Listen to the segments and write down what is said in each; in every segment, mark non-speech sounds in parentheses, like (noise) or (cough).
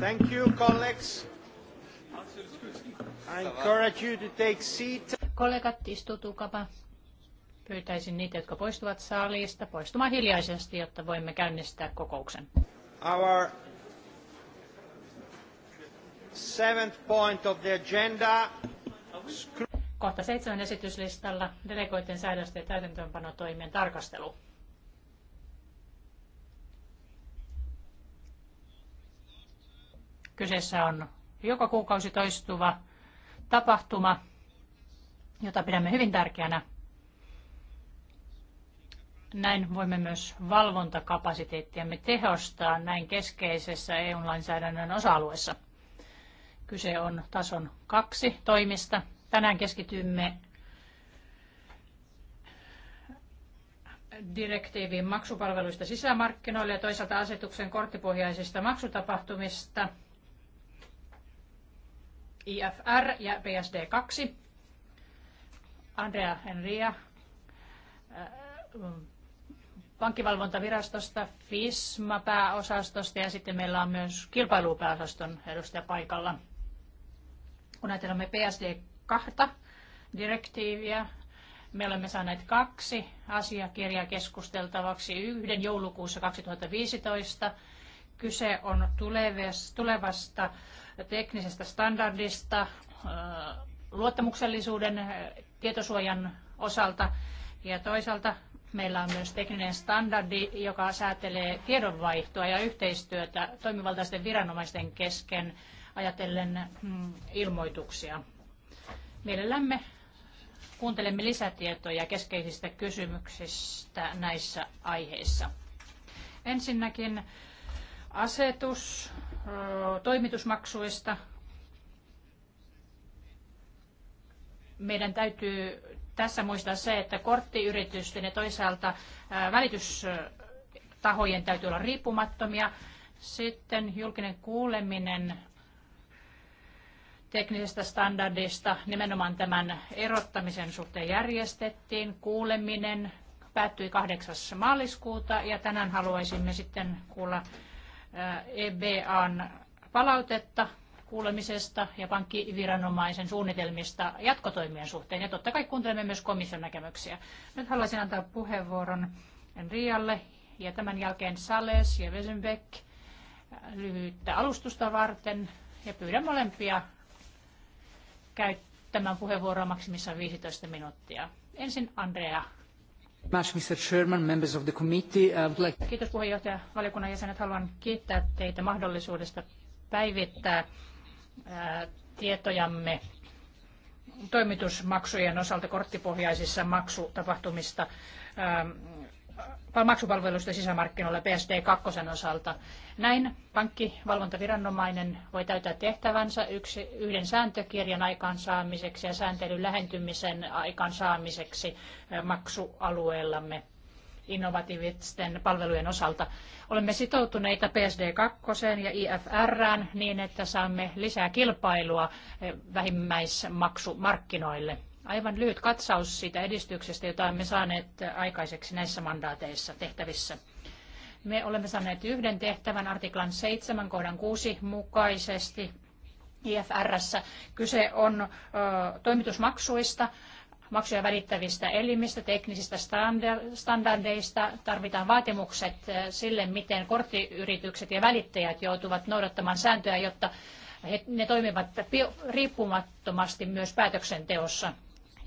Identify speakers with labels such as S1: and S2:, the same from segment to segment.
S1: Thank you, colleagues. I encourage you to take seat.
S2: Kollegat, istutukapa. Pyytäisin niitä, jotka poistuvat saalista, poistumaan hiljaisesti, jotta voimme käynnistää kokouksen.
S1: Our seventh point of the agenda.
S2: Kohta seitsemän esityslistalla delegoiden säädösten ja täytäntöönpanotoimien tarkastelu. Kyseessä on joka kuukausi toistuva tapahtuma, jota pidämme hyvin tärkeänä. Näin voimme myös valvontakapasiteettiamme tehostaa näin keskeisessä EU-lainsäädännön osa-alueessa. Kyse on tason kaksi toimista. Tänään keskitymme direktiivin maksupalveluista sisämarkkinoille ja toisaalta asetuksen korttipohjaisista maksutapahtumista – IFR ja PSD2. Andrea Henria äh, pankkivalvontavirastosta, FISMA-pääosastosta ja sitten meillä on myös kilpailupääosaston edustaja paikalla. Kun ajatellaan PSD2 direktiiviä, me olemme saaneet kaksi asiakirjaa keskusteltavaksi, yhden joulukuussa 2015. Kyse on tulevasta teknisestä standardista, luottamuksellisuuden tietosuojan osalta ja toisaalta meillä on myös tekninen standardi, joka säätelee tiedonvaihtoa ja yhteistyötä toimivaltaisten viranomaisten kesken ajatellen mm, ilmoituksia. Mielellämme kuuntelemme lisätietoja keskeisistä kysymyksistä näissä aiheissa. Ensinnäkin asetus toimitusmaksuista. Meidän täytyy tässä muistaa se, että korttiyritysten ja toisaalta välitystahojen täytyy olla riippumattomia. Sitten julkinen kuuleminen teknisestä standardista nimenomaan tämän erottamisen suhteen järjestettiin. Kuuleminen päättyi 8. maaliskuuta ja tänään haluaisimme sitten kuulla EBAn palautetta kuulemisesta ja pankkiviranomaisen suunnitelmista jatkotoimien suhteen. Ja totta kai kuuntelemme myös komission näkemyksiä. Nyt haluaisin antaa puheenvuoron Rialle ja tämän jälkeen Sales ja Wesenbeck lyhyttä alustusta varten. Ja pyydän molempia käyttämään puheenvuoroa maksimissaan 15 minuuttia. Ensin Andrea Kiitos puheenjohtaja. Valiokunnan jäsenet haluan kiittää teitä mahdollisuudesta päivittää tietojamme toimitusmaksujen osalta korttipohjaisissa maksutapahtumista maksupalveluista sisämarkkinoilla PSD2 osalta. Näin pankkivalvontaviranomainen voi täyttää tehtävänsä yksi, yhden sääntökirjan aikaansaamiseksi ja sääntelyn lähentymisen aikaansaamiseksi maksualueellamme innovatiivisten palvelujen osalta. Olemme sitoutuneita PSD2 ja IFR niin, että saamme lisää kilpailua vähimmäismaksumarkkinoille. Aivan lyhyt katsaus siitä edistyksestä, jota olemme saaneet aikaiseksi näissä mandaateissa tehtävissä. Me olemme saaneet yhden tehtävän artiklan 7 kohdan 6 mukaisesti IFRssä. Kyse on ö, toimitusmaksuista, maksuja välittävistä elimistä, teknisistä standardeista. Tarvitaan vaatimukset sille, miten korttiyritykset ja välittäjät joutuvat noudattamaan sääntöjä, jotta he, ne toimivat riippumattomasti myös päätöksenteossa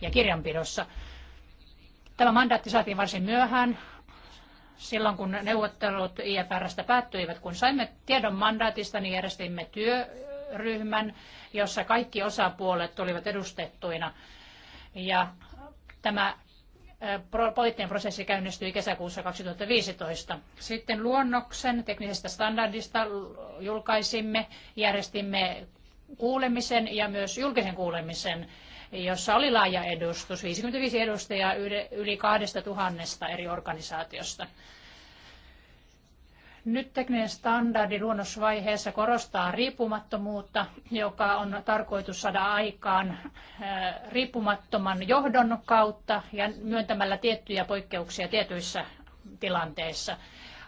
S2: ja kirjanpidossa. Tämä mandaatti saatiin varsin myöhään, silloin kun neuvottelut IFRstä päättyivät, kun saimme tiedon mandaatista, niin järjestimme työryhmän, jossa kaikki osapuolet olivat edustettuina. Ja tämä poliittinen prosessi käynnistyi kesäkuussa 2015. Sitten luonnoksen teknisestä standardista julkaisimme, järjestimme kuulemisen ja myös julkisen kuulemisen jossa oli laaja edustus, 55 edustajaa yli 2000 eri organisaatiosta. Nyt tekninen standardi luonnosvaiheessa korostaa riippumattomuutta, joka on tarkoitus saada aikaan riippumattoman johdon kautta ja myöntämällä tiettyjä poikkeuksia tietyissä tilanteissa.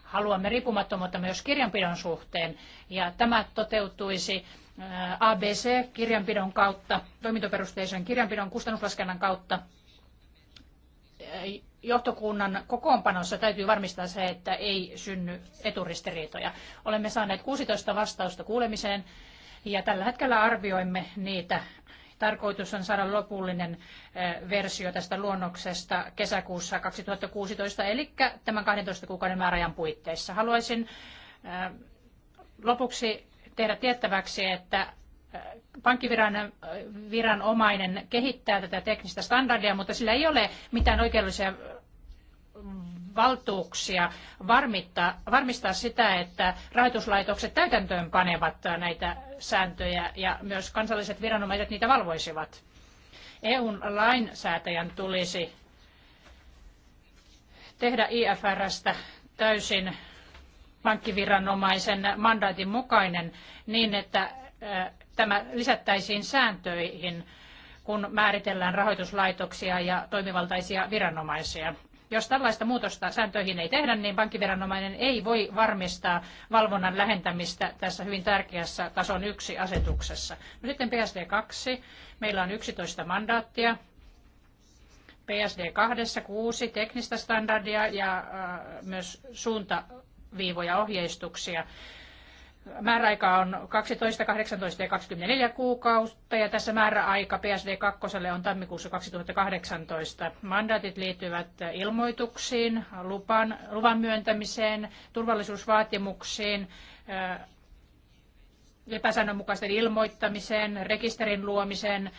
S2: Haluamme riippumattomuutta myös kirjanpidon suhteen ja tämä toteutuisi ABC-kirjanpidon kautta, toimintoperusteisen kirjanpidon kustannuslaskennan kautta johtokunnan kokoonpanossa täytyy varmistaa se, että ei synny eturistiriitoja. Olemme saaneet 16 vastausta kuulemiseen ja tällä hetkellä arvioimme niitä. Tarkoitus on saada lopullinen versio tästä luonnoksesta kesäkuussa 2016, eli tämän 12 kuukauden määräajan puitteissa. Haluaisin lopuksi tehdä tiettäväksi, että äh, pankkiviranomainen äh, kehittää tätä teknistä standardia, mutta sillä ei ole mitään oikeudellisia äh, valtuuksia varmistaa sitä, että rahoituslaitokset täytäntöön panevat näitä sääntöjä ja myös kansalliset viranomaiset niitä valvoisivat. EUn lainsäätäjän tulisi tehdä IFRstä täysin pankkiviranomaisen mandaatin mukainen niin, että äh, tämä lisättäisiin sääntöihin, kun määritellään rahoituslaitoksia ja toimivaltaisia viranomaisia. Jos tällaista muutosta sääntöihin ei tehdä, niin pankkiviranomainen ei voi varmistaa valvonnan lähentämistä tässä hyvin tärkeässä tason yksi asetuksessa. No sitten PSD2. Meillä on 11 mandaattia. PSD2 kuusi teknistä standardia ja äh, myös suunta viivoja ohjeistuksia. Määräaika on 12, 18 ja 24 kuukautta ja tässä määräaika PSD 2 on tammikuussa 2018. Mandaatit liittyvät ilmoituksiin, lupan, luvan myöntämiseen, turvallisuusvaatimuksiin, äh, epäsäännönmukaisten ilmoittamiseen, rekisterin luomiseen,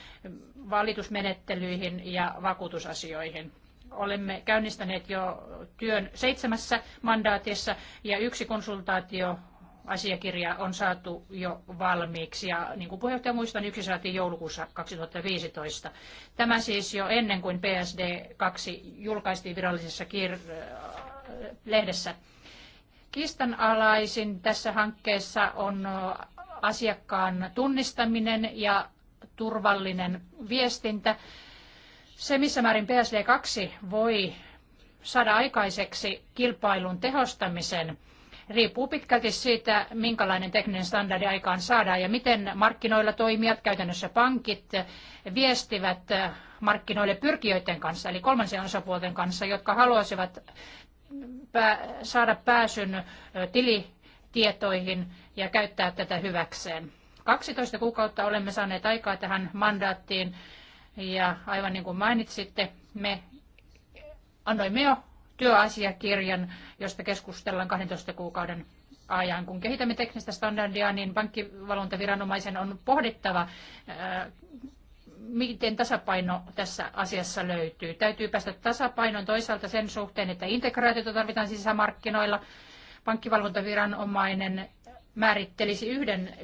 S2: valitusmenettelyihin ja vakuutusasioihin. Olemme käynnistäneet jo työn seitsemässä mandaatissa ja yksi konsultaatio asiakirja on saatu jo valmiiksi ja niin kuin puheenjohtaja muistan, yksi saatiin joulukuussa 2015. Tämä siis jo ennen kuin PSD 2 julkaistiin virallisessa kir- äh, lehdessä. Kiistanalaisin tässä hankkeessa on äh, asiakkaan tunnistaminen ja turvallinen viestintä se, missä määrin PSD2 voi saada aikaiseksi kilpailun tehostamisen, riippuu pitkälti siitä, minkälainen tekninen standardi aikaan saadaan ja miten markkinoilla toimijat, käytännössä pankit, viestivät markkinoille pyrkijöiden kanssa, eli kolmansien osapuolten kanssa, jotka haluaisivat saada pääsyn tilitietoihin ja käyttää tätä hyväkseen. 12 kuukautta olemme saaneet aikaa tähän mandaattiin ja aivan niin kuin mainitsitte, me annoimme jo työasiakirjan, josta keskustellaan 12 kuukauden ajan. Kun kehitämme teknistä standardia, niin pankkivalvontaviranomaisen on pohdittava, äh, miten tasapaino tässä asiassa löytyy. Täytyy päästä tasapainoon toisaalta sen suhteen, että integraatiota tarvitaan sisämarkkinoilla. Pankkivalvontaviranomainen määrittelisi yhden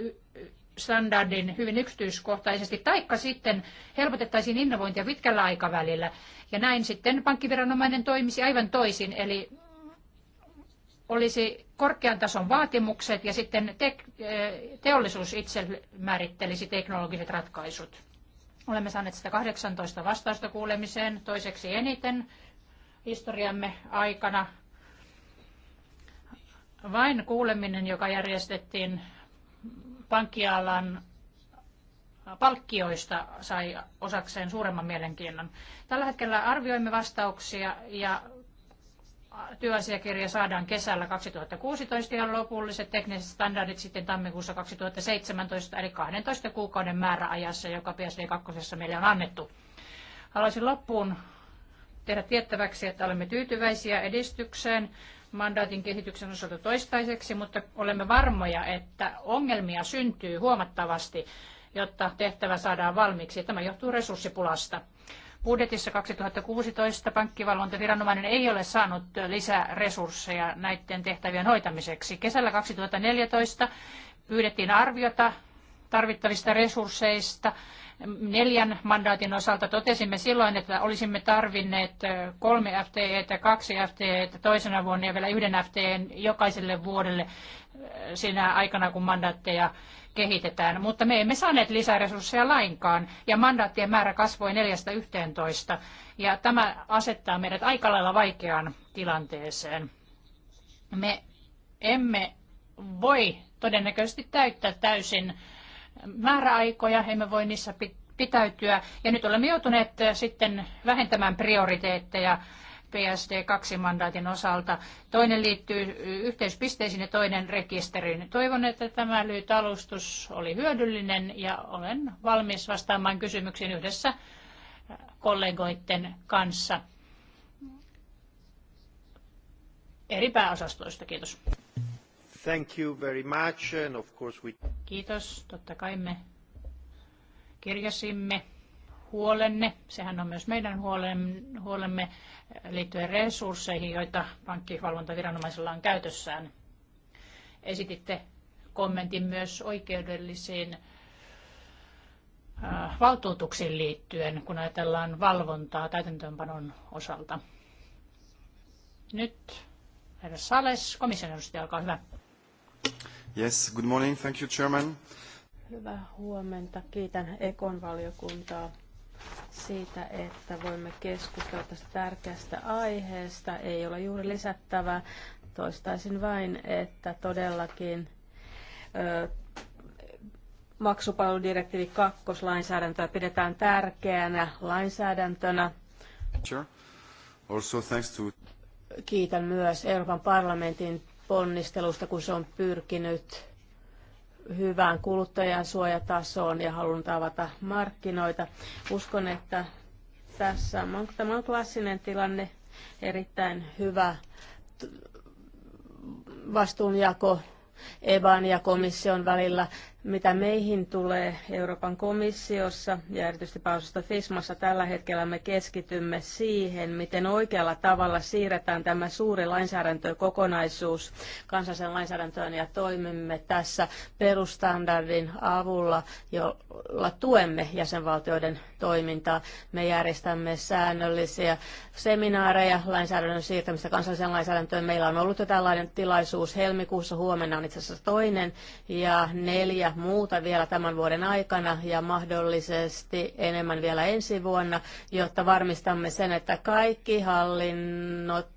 S2: standardin hyvin yksityiskohtaisesti, taikka sitten helpotettaisiin innovointia pitkällä aikavälillä. Ja näin sitten pankkiviranomainen toimisi aivan toisin, eli olisi korkean tason vaatimukset ja sitten eh, teollisuus itse määrittelisi teknologiset ratkaisut. Olemme saaneet 18 vastausta kuulemiseen toiseksi eniten historiamme aikana. Vain kuuleminen, joka järjestettiin pankkialan palkkioista sai osakseen suuremman mielenkiinnon. Tällä hetkellä arvioimme vastauksia ja työasiakirja saadaan kesällä 2016 ja lopulliset tekniset standardit sitten tammikuussa 2017, eli 12 kuukauden määräajassa, joka PSD2 meille on annettu. Haluaisin loppuun tehdä tiettäväksi, että olemme tyytyväisiä edistykseen mandaatin kehityksen osalta toistaiseksi, mutta olemme varmoja, että ongelmia syntyy huomattavasti, jotta tehtävä saadaan valmiiksi. Tämä johtuu resurssipulasta. Budjetissa 2016 pankkivalvontaviranomainen ei ole saanut lisäresursseja näiden tehtävien hoitamiseksi. Kesällä 2014 pyydettiin arviota tarvittavista resursseista neljän mandaatin osalta totesimme silloin, että olisimme tarvinneet kolme FTEtä, kaksi FTEtä toisena vuonna ja vielä yhden FTEn jokaiselle vuodelle sinä aikana, kun mandaatteja kehitetään. Mutta me emme saaneet lisäresursseja lainkaan ja mandaattien määrä kasvoi 4-11 ja tämä asettaa meidät aika lailla vaikeaan tilanteeseen. Me emme voi todennäköisesti täyttää täysin määräaikoja, emme voi niissä pitäytyä. Ja nyt olemme joutuneet äh, sitten vähentämään prioriteetteja PSD2-mandaatin osalta. Toinen liittyy yhteispisteisiin ja toinen rekisteriin. Toivon, että tämä lyhyt alustus oli hyödyllinen ja olen valmis vastaamaan kysymyksiin yhdessä äh, kollegoiden kanssa eri pääosastoista. Kiitos.
S1: Thank you very much and of course we...
S2: Kiitos. Totta kai me kirjasimme huolenne. Sehän on myös meidän huolemme liittyen resursseihin, joita pankkivalvontaviranomaisella on käytössään. Esititte kommentin myös oikeudellisiin äh, valtuutuksiin liittyen, kun ajatellaan valvontaa täytäntöönpanon osalta. Nyt herra Sales, komission edustaja, olkaa hyvä.
S1: Yes, good morning. Thank you, Chairman.
S3: Hyvää huomenta. Kiitän Ekon valiokuntaa siitä, että voimme keskustella tästä tärkeästä aiheesta. Ei ole juuri lisättävää. Toistaisin vain, että todellakin ö, maksupalveludirektiivi kakkoslainsäädäntöä pidetään tärkeänä lainsäädäntönä.
S1: Also thanks to...
S3: Kiitän myös Euroopan parlamentin ponnistelusta, kun se on pyrkinyt hyvään kuluttajan suojatasoon ja halunnut avata markkinoita. Uskon, että tässä on, tämä on klassinen tilanne, erittäin hyvä vastuunjako EBAN ja komission välillä mitä meihin tulee Euroopan komissiossa ja erityisesti pausosta FISMassa, tällä hetkellä me keskitymme siihen, miten oikealla tavalla siirretään tämä suuri lainsäädäntökokonaisuus kansallisen lainsäädäntöön ja toimimme tässä perustandardin avulla, jolla tuemme jäsenvaltioiden toimintaa. Me järjestämme säännöllisiä seminaareja lainsäädännön siirtämistä kansalliseen lainsäädäntöön. Meillä on ollut jo tällainen tilaisuus helmikuussa, huomenna on itse asiassa toinen ja neljä muuta vielä tämän vuoden aikana ja mahdollisesti enemmän vielä ensi vuonna, jotta varmistamme sen, että kaikki hallinnot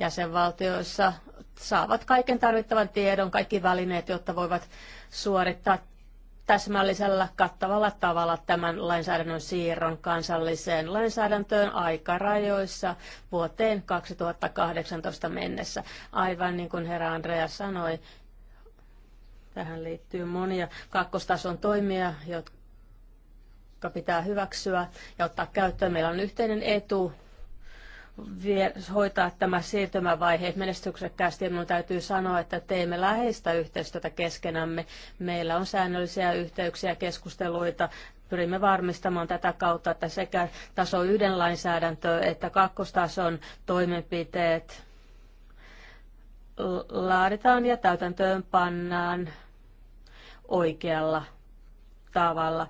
S3: jäsenvaltioissa saavat kaiken tarvittavan tiedon, kaikki välineet, jotta voivat suorittaa täsmällisellä kattavalla tavalla tämän lainsäädännön siirron kansalliseen lainsäädäntöön aikarajoissa vuoteen 2018 mennessä. Aivan niin kuin herra Andreas sanoi, Tähän liittyy monia kakkostason toimia, jotka pitää hyväksyä ja ottaa käyttöön. Meillä on yhteinen etu hoitaa tämä siirtymävaihe menestyksekkäästi. Minun täytyy sanoa, että teemme läheistä yhteistyötä keskenämme. Meillä on säännöllisiä yhteyksiä, keskusteluita. Pyrimme varmistamaan tätä kautta, että sekä taso yhden lainsäädäntö että kakkostason toimenpiteet laaditaan ja täytäntöön pannaan oikealla tavalla.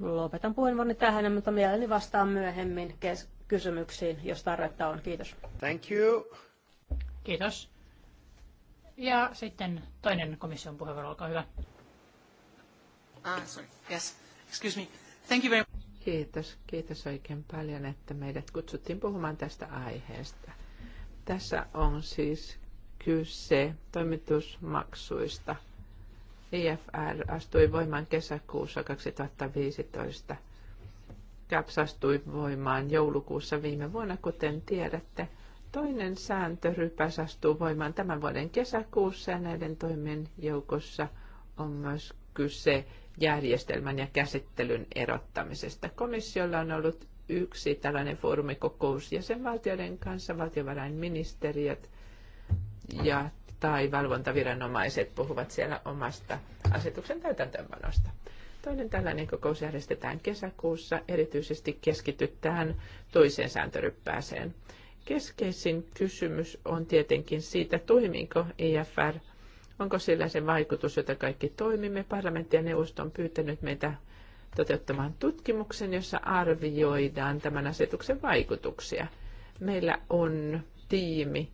S3: Lopetan puheenvuoroni tähän, mutta mielelläni vastaan myöhemmin kes- kysymyksiin, jos tarvetta on. Kiitos. Thank you.
S2: Kiitos. Ja sitten toinen komission puheenvuoro, olkaa hyvä. Ah, sorry.
S4: Yes. Excuse me. Thank you very much. Kiitos, kiitos oikein paljon, että meidät kutsuttiin puhumaan tästä aiheesta. Tässä on siis kyse toimitusmaksuista EFR astui voimaan kesäkuussa 2015. CAPS astui voimaan joulukuussa viime vuonna, kuten tiedätte. Toinen sääntörypäs astuu voimaan tämän vuoden kesäkuussa ja näiden toimien joukossa on myös kyse järjestelmän ja käsittelyn erottamisesta. Komissiolla on ollut yksi tällainen foorumikokous jäsenvaltioiden kanssa, valtiovarainministeriöt ja tai valvontaviranomaiset puhuvat siellä omasta asetuksen täytäntöönpanosta. Toinen tällainen kokous järjestetään kesäkuussa, erityisesti keskitytään toiseen sääntöryppääseen. Keskeisin kysymys on tietenkin siitä, toimiinko IFR, onko sillä se vaikutus, jota kaikki toimimme. Parlamentti ja neuvosto on pyytänyt meitä toteuttamaan tutkimuksen, jossa arvioidaan tämän asetuksen vaikutuksia. Meillä on tiimi,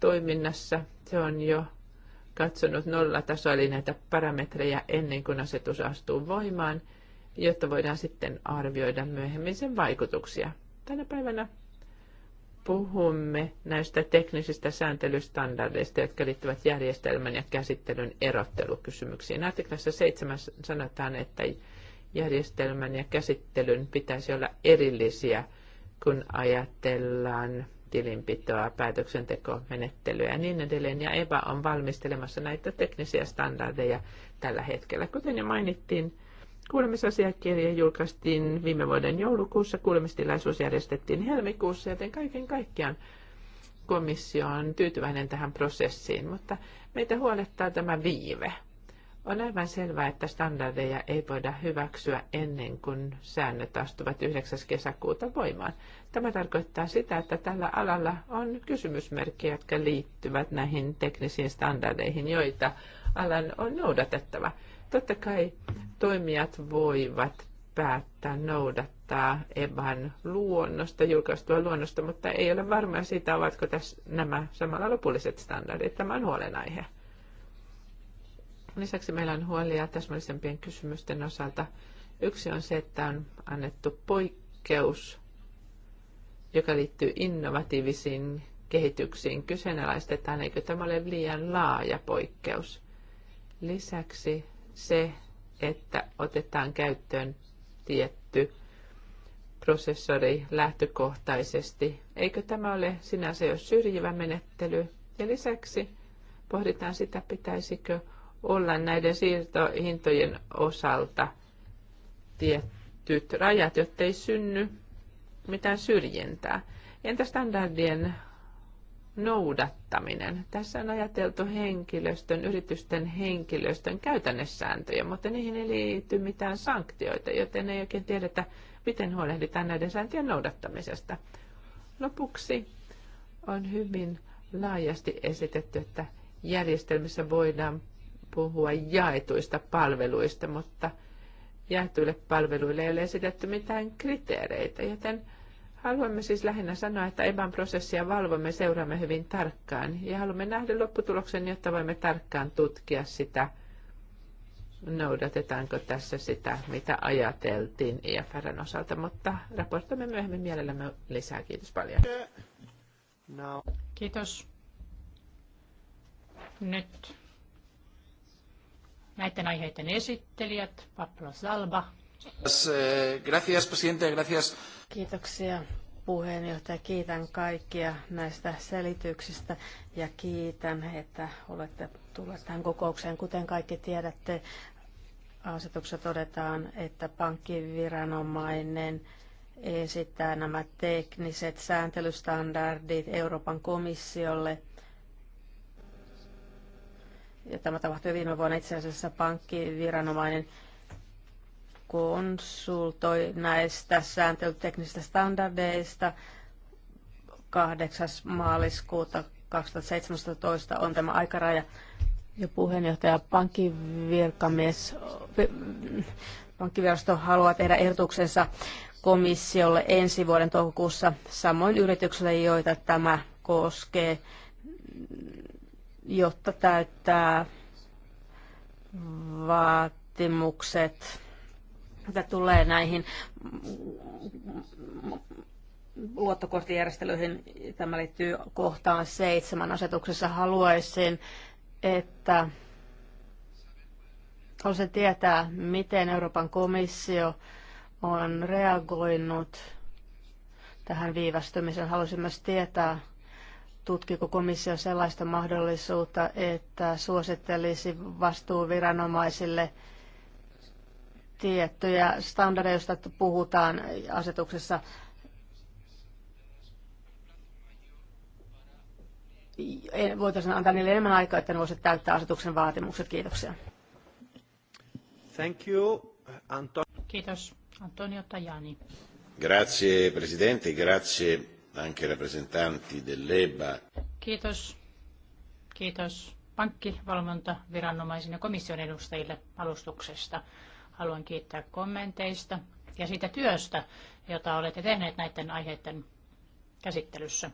S4: toiminnassa. Se on jo katsonut nollatasoa, eli näitä parametreja ennen kuin asetus astuu voimaan, jotta voidaan sitten arvioida myöhemmin sen vaikutuksia. Tänä päivänä puhumme näistä teknisistä sääntelystandardeista, jotka liittyvät järjestelmän ja käsittelyn erottelukysymyksiin. Artiklassa 7 sanotaan, että järjestelmän ja käsittelyn pitäisi olla erillisiä, kun ajatellaan tilinpitoa, päätöksentekomenettelyä ja niin edelleen. Ja EBA on valmistelemassa näitä teknisiä standardeja tällä hetkellä. Kuten jo mainittiin, kuulemisasiakirja julkaistiin viime vuoden joulukuussa, kuulemistilaisuus järjestettiin helmikuussa, joten kaiken kaikkiaan komissio on tyytyväinen tähän prosessiin, mutta meitä huolettaa tämä viive. On aivan selvää, että standardeja ei voida hyväksyä ennen kuin säännöt astuvat 9. kesäkuuta voimaan. Tämä tarkoittaa sitä, että tällä alalla on kysymysmerkkejä, jotka liittyvät näihin teknisiin standardeihin, joita alan on noudatettava. Totta kai toimijat voivat päättää noudattaa EBAN luonnosta, julkaistua luonnosta, mutta ei ole varmaa siitä, ovatko tässä nämä samalla lopulliset standardit. Tämä on huolenaihe. Lisäksi meillä on huolia täsmällisempien kysymysten osalta. Yksi on se, että on annettu poikkeus, joka liittyy innovatiivisiin kehityksiin. Kyseenalaistetaan, eikö tämä ole liian laaja poikkeus. Lisäksi se, että otetaan käyttöön tietty prosessori lähtökohtaisesti. Eikö tämä ole sinänsä jo syrjivä menettely? Ja lisäksi pohditaan sitä, pitäisikö olla näiden siirtohintojen osalta tietyt rajat, jottei synny mitään syrjintää. Entä standardien noudattaminen? Tässä on ajateltu henkilöstön, yritysten henkilöstön käytännössääntöjä, mutta niihin ei liity mitään sanktioita, joten ei oikein tiedetä, miten huolehditaan näiden sääntöjen noudattamisesta. Lopuksi on hyvin laajasti esitetty, että järjestelmissä voidaan puhua jaetuista palveluista, mutta jaetuille palveluille ei ole esitetty mitään kriteereitä, joten haluamme siis lähinnä sanoa, että EBAN prosessia valvomme, seuraamme hyvin tarkkaan ja haluamme nähdä lopputuloksen, jotta voimme tarkkaan tutkia sitä, noudatetaanko tässä sitä, mitä ajateltiin IFRn osalta, mutta raportoimme myöhemmin mielellämme lisää. Kiitos paljon. No. Kiitos. Nyt
S2: näiden
S3: aiheiden esittelijät, Pablo Salba.
S1: Eh, gracias, presidente, gracias.
S3: Kiitoksia puheenjohtaja. Kiitän kaikkia näistä selityksistä ja kiitän, että olette tulleet tähän kokoukseen. Kuten kaikki tiedätte, asetuksessa todetaan, että pankkiviranomainen esittää nämä tekniset sääntelystandardit Euroopan komissiolle – ja tämä tapahtui viime vuonna itse asiassa pankkiviranomainen konsultoi näistä sääntelyteknisistä standardeista 8. maaliskuuta 2017 on tämä aikaraja. Ja puheenjohtaja pankkivirkamies, pankkivirasto haluaa tehdä ehdotuksensa komissiolle ensi vuoden toukokuussa, samoin yrityksille, joita tämä koskee jotta täyttää vaatimukset, mitä tulee näihin luottokorttijärjestelyihin. Tämä liittyy kohtaan seitsemän asetuksessa. Haluaisin, että haluaisin tietää, miten Euroopan komissio on reagoinut tähän viivästymiseen. Haluaisin myös tietää, tutkiko komissio sellaista mahdollisuutta, että suosittelisi vastuuviranomaisille tiettyjä standardeja, joista puhutaan asetuksessa, voitaisiin antaa niille enemmän aikaa, että ne voisivat täyttää asetuksen vaatimukset. Kiitoksia.
S2: Thank you, Anto- Kiitos. Antonio Tajani.
S1: Grazie, Presidente. Grazie anche rappresentanti dell'EBA.
S2: Kiitos. Kiitos pankkivalvontaviranomaisen ja komission edustajille alustuksesta. Haluan kiittää kommenteista ja siitä työstä, jota olette tehneet näiden aiheiden käsittelyssä.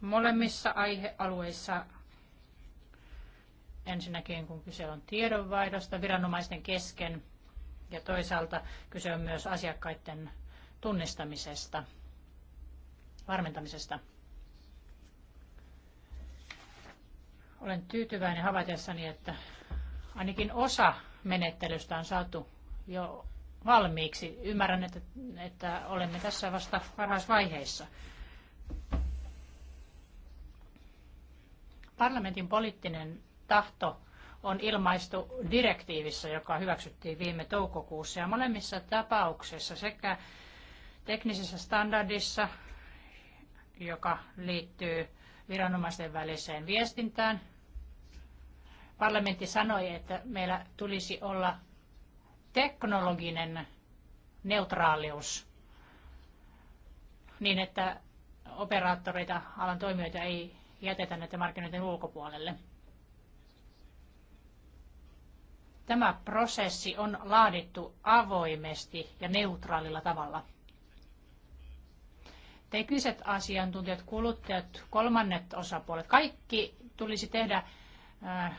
S2: Molemmissa aihealueissa ensinnäkin, kun kyse on tiedonvaihdosta viranomaisten kesken, ja toisaalta kyse on myös asiakkaiden tunnistamisesta, varmentamisesta. Olen tyytyväinen havaitessani, että ainakin osa menettelystä on saatu jo valmiiksi. Ymmärrän, että, että olemme tässä vasta varhaisvaiheissa. Parlamentin poliittinen tahto on ilmaistu direktiivissä, joka hyväksyttiin viime toukokuussa. Ja molemmissa tapauksissa sekä teknisessä standardissa, joka liittyy viranomaisten väliseen viestintään, parlamentti sanoi, että meillä tulisi olla teknologinen neutraalius niin, että operaattoreita, alan toimijoita ei jätetä näiden markkinoiden ulkopuolelle. Tämä prosessi on laadittu avoimesti ja neutraalilla tavalla. Tekniset asiantuntijat, kuluttajat, kolmannet osapuolet, kaikki tulisi tehdä äh, äh,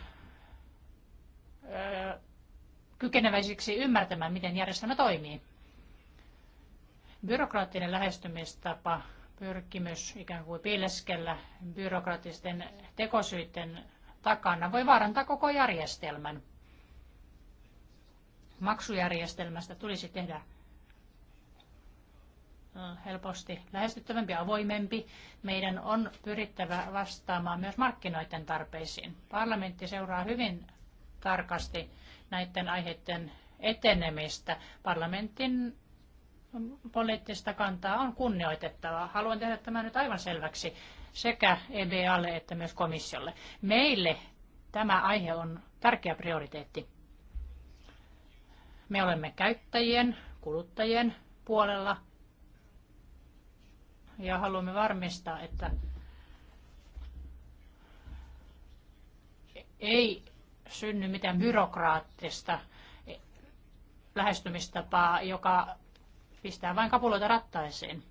S2: kykeneväisiksi ymmärtämään, miten järjestelmä toimii. Byrokraattinen lähestymistapa, pyrkimys ikään kuin piileskellä byrokraattisten tekosyiden takana voi vaarantaa koko järjestelmän maksujärjestelmästä tulisi tehdä helposti lähestyttävämpi ja avoimempi. Meidän on pyrittävä vastaamaan myös markkinoiden tarpeisiin. Parlamentti seuraa hyvin tarkasti näiden aiheiden etenemistä. Parlamentin poliittista kantaa on kunnioitettava. Haluan tehdä tämän nyt aivan selväksi sekä EBAlle että myös komissiolle. Meille tämä aihe on tärkeä prioriteetti. Me olemme käyttäjien, kuluttajien puolella ja haluamme varmistaa, että ei synny mitään byrokraattista lähestymistapaa, joka pistää vain kapuloita rattaisiin.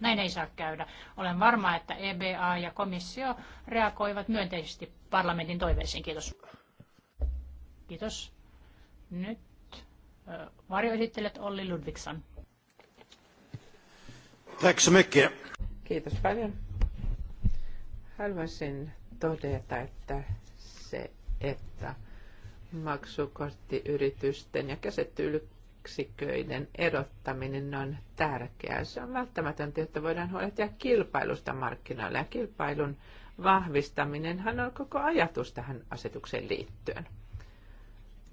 S2: Näin ei saa käydä. Olen varma, että EBA ja komissio reagoivat myönteisesti parlamentin toiveisiin. Kiitos. Kiitos. Nyt varjoesittelijät Olli Ludvigsson.
S1: Tack så mycket.
S4: Kiitos paljon. Haluaisin todeta, että se, että maksukorttiyritysten ja käsittelyksiköiden erottaminen on tärkeää. Se on välttämätöntä, että voidaan huolehtia kilpailusta markkinoilla ja kilpailun vahvistaminenhan on koko ajatus tähän asetukseen liittyen.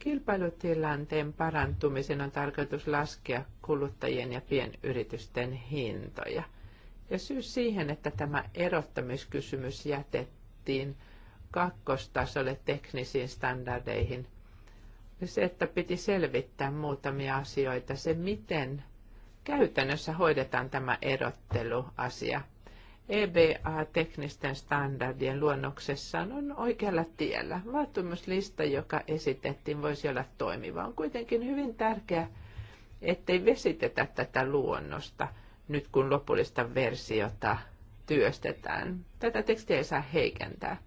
S4: Kilpailutilanteen parantumisen on tarkoitus laskea kuluttajien ja pienyritysten hintoja. Ja syy siihen, että tämä erottamiskysymys jätettiin kakkostasolle teknisiin standardeihin, se, että piti selvittää muutamia asioita, se miten käytännössä hoidetaan tämä erotteluasia – EBA-teknisten standardien luonnoksessaan on oikealla tiellä. Vaatimuslista, joka esitettiin, voisi olla toimiva. On kuitenkin hyvin tärkeää, ettei vesitetä tätä luonnosta nyt, kun lopullista versiota työstetään. Tätä tekstiä ei saa heikentää.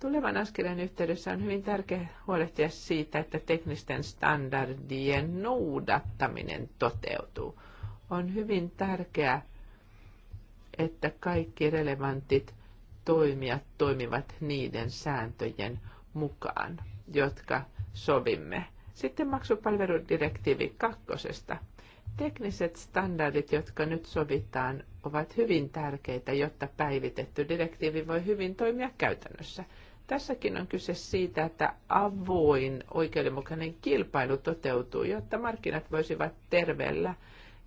S4: Tulevan askeleen yhteydessä on hyvin tärkeää huolehtia siitä, että teknisten standardien noudattaminen toteutuu. On hyvin tärkeää, että kaikki relevantit toimijat toimivat niiden sääntöjen mukaan, jotka sovimme. Sitten maksupalveludirektiivi kakkosesta. Tekniset standardit, jotka nyt sovitaan, ovat hyvin tärkeitä, jotta päivitetty direktiivi voi hyvin toimia käytännössä. Tässäkin on kyse siitä, että avoin oikeudenmukainen kilpailu toteutuu, jotta markkinat voisivat terveellä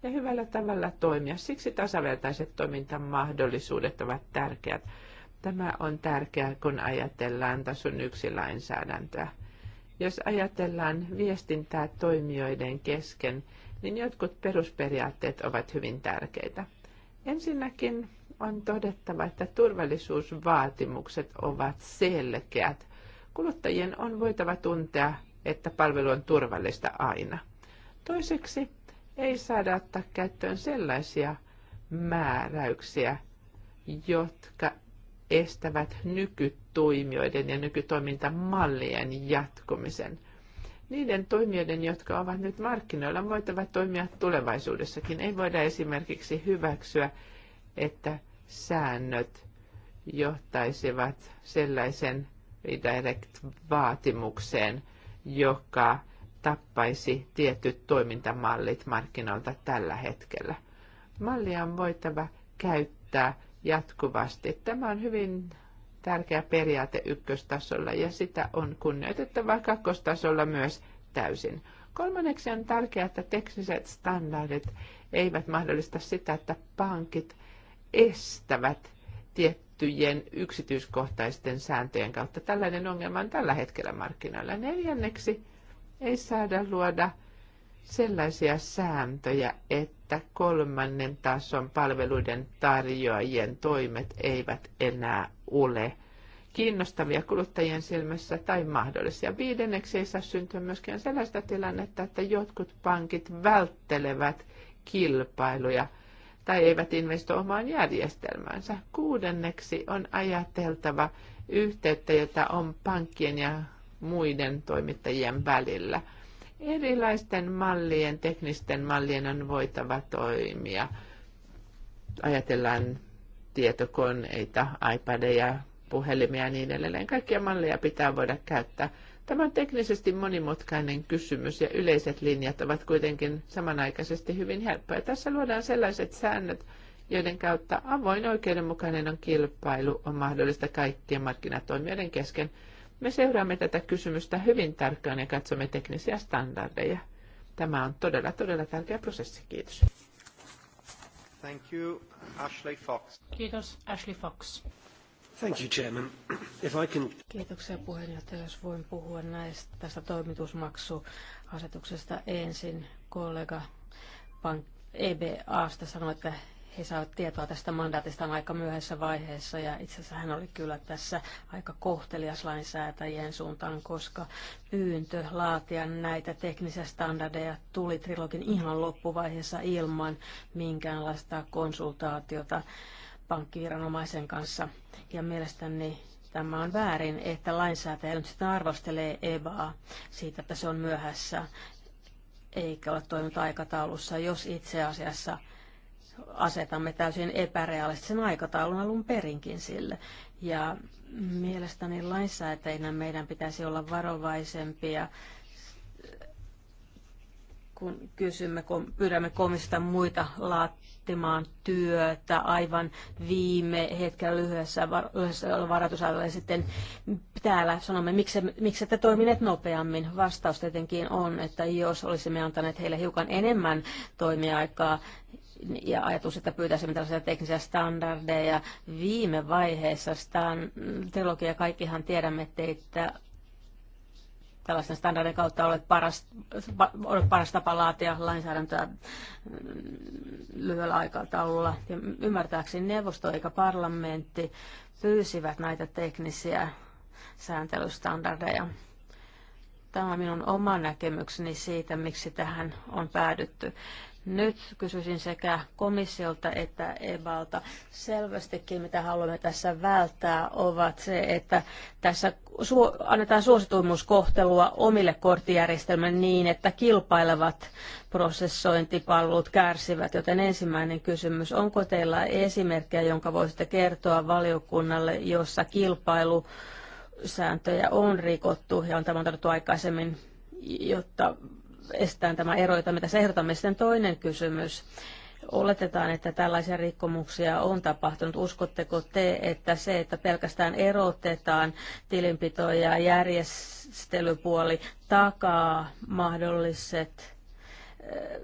S4: ja hyvällä tavalla toimia. Siksi tasavertaiset toimintamahdollisuudet ovat tärkeät. Tämä on tärkeää, kun ajatellaan tason yksi lainsäädäntöä. Jos ajatellaan viestintää toimijoiden kesken, niin jotkut perusperiaatteet ovat hyvin tärkeitä. Ensinnäkin on todettava, että turvallisuusvaatimukset ovat selkeät. Kuluttajien on voitava tuntea, että palvelu on turvallista aina. Toiseksi ei saada ottaa käyttöön sellaisia määräyksiä, jotka estävät nykytoimijoiden ja nykytoimintamallien jatkumisen. Niiden toimijoiden, jotka ovat nyt markkinoilla, voitavat toimia tulevaisuudessakin. Ei voida esimerkiksi hyväksyä, että säännöt johtaisivat sellaisen redirect-vaatimukseen, joka tappaisi tietyt toimintamallit markkinoilta tällä hetkellä. Mallia on voitava käyttää jatkuvasti. Tämä on hyvin tärkeä periaate ykköstasolla ja sitä on kunnioitettava kakkostasolla myös täysin. Kolmanneksi on tärkeää, että tekniset standardit eivät mahdollista sitä, että pankit estävät tiettyjen yksityiskohtaisten sääntöjen kautta. Tällainen ongelma on tällä hetkellä markkinoilla. Neljänneksi ei saada luoda sellaisia sääntöjä, että kolmannen tason palveluiden tarjoajien toimet eivät enää ole kiinnostavia kuluttajien silmässä tai mahdollisia. Viidenneksi ei saa syntyä myöskään sellaista tilannetta, että jotkut pankit välttelevät kilpailuja tai eivät investoi omaan järjestelmäänsä. Kuudenneksi on ajateltava yhteyttä, jota on pankkien ja muiden toimittajien välillä. Erilaisten mallien, teknisten mallien on voitava toimia. Ajatellaan tietokoneita, iPadeja, puhelimia ja niin edelleen. Kaikkia malleja pitää voida käyttää. Tämä on teknisesti monimutkainen kysymys ja yleiset linjat ovat kuitenkin samanaikaisesti hyvin helppoja. Tässä luodaan sellaiset säännöt, joiden kautta avoin oikeudenmukainen on kilpailu on mahdollista kaikkien markkinatoimijoiden kesken – me seuraamme tätä kysymystä hyvin tarkkaan ja katsomme teknisiä standardeja. Tämä on todella, todella tärkeä prosessi. Kiitos.
S1: Thank you, Ashley Fox. Kiitos, Ashley Fox. Thank you, Chairman.
S4: If I can... Kiitoksia
S3: puheenjohtaja, jos voin puhua näistä, tästä toimitusmaksuasetuksesta ensin. Kollega Pank EBAsta sanoi, että he saivat tietoa tästä mandaatista aika myöhässä vaiheessa ja itse asiassa hän oli kyllä tässä aika kohtelias lainsäätäjien suuntaan, koska pyyntö laatia näitä teknisiä standardeja tuli trilogin ihan loppuvaiheessa ilman minkäänlaista konsultaatiota pankkiviranomaisen kanssa. Ja mielestäni tämä on väärin, että lainsäätäjä nyt sitten arvostelee EBAa siitä, että se on myöhässä eikä ole toiminut aikataulussa, jos itse asiassa – asetamme täysin epärealistisen aikataulun alun perinkin sille. Ja mielestäni lainsäätäjinä meidän pitäisi olla varovaisempia, kun kysymme, kun pyydämme komista muita laattimaan työtä aivan viime hetkellä lyhyessä, lyhyessä varoitusajalla ja sitten täällä sanomme, miksi, miksi toimineet nopeammin. Vastaus tietenkin on, että jos olisimme antaneet heille hiukan enemmän toimiaikaa, ja ajatus, että pyytäisimme tällaisia teknisiä standardeja. Viime vaiheessa stan, trilogia kaikkihan tiedämme, että tällaisen standardin kautta olet paras, olet paras tapa laatia lainsäädäntöä mm, lyhyellä aikataululla. Ja ymmärtääkseni neuvosto eikä parlamentti pyysivät näitä teknisiä sääntelystandardeja. Tämä on minun oma näkemykseni siitä, miksi tähän on päädytty. Nyt kysyisin sekä komissiolta että EBAlta. Selvästikin mitä haluamme tässä välttää ovat se, että tässä su- annetaan suosituimuskohtelua omille korttijärjestelmille niin, että kilpailevat prosessointipalvelut kärsivät. Joten ensimmäinen kysymys, onko teillä esimerkkejä, jonka voisitte kertoa valiokunnalle, jossa kilpailu sääntöjä on rikottu ja on tämä on aikaisemmin, jotta estetään tämä ero, jota me tässä ehdotamme. Sitten toinen kysymys. Oletetaan, että tällaisia rikkomuksia on tapahtunut. Uskotteko te, että se, että pelkästään erotetaan tilinpito- ja järjestelypuoli, takaa mahdolliset eh,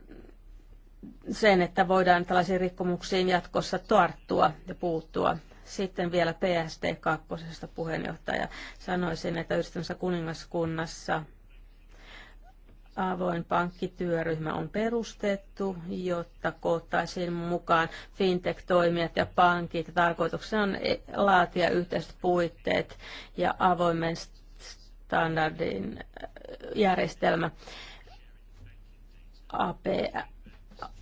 S3: sen, että voidaan tällaisiin rikkomuksiin jatkossa tarttua ja puuttua. Sitten vielä PST2 puheenjohtaja. Sanoisin, että yhdistämässä kuningaskunnassa – Avoin pankkityöryhmä on perustettu, jotta koottaisiin mukaan fintech-toimijat ja pankit. Tarkoituksena on e- laatia yhteiset puitteet ja avoimen standardin järjestelmä. APR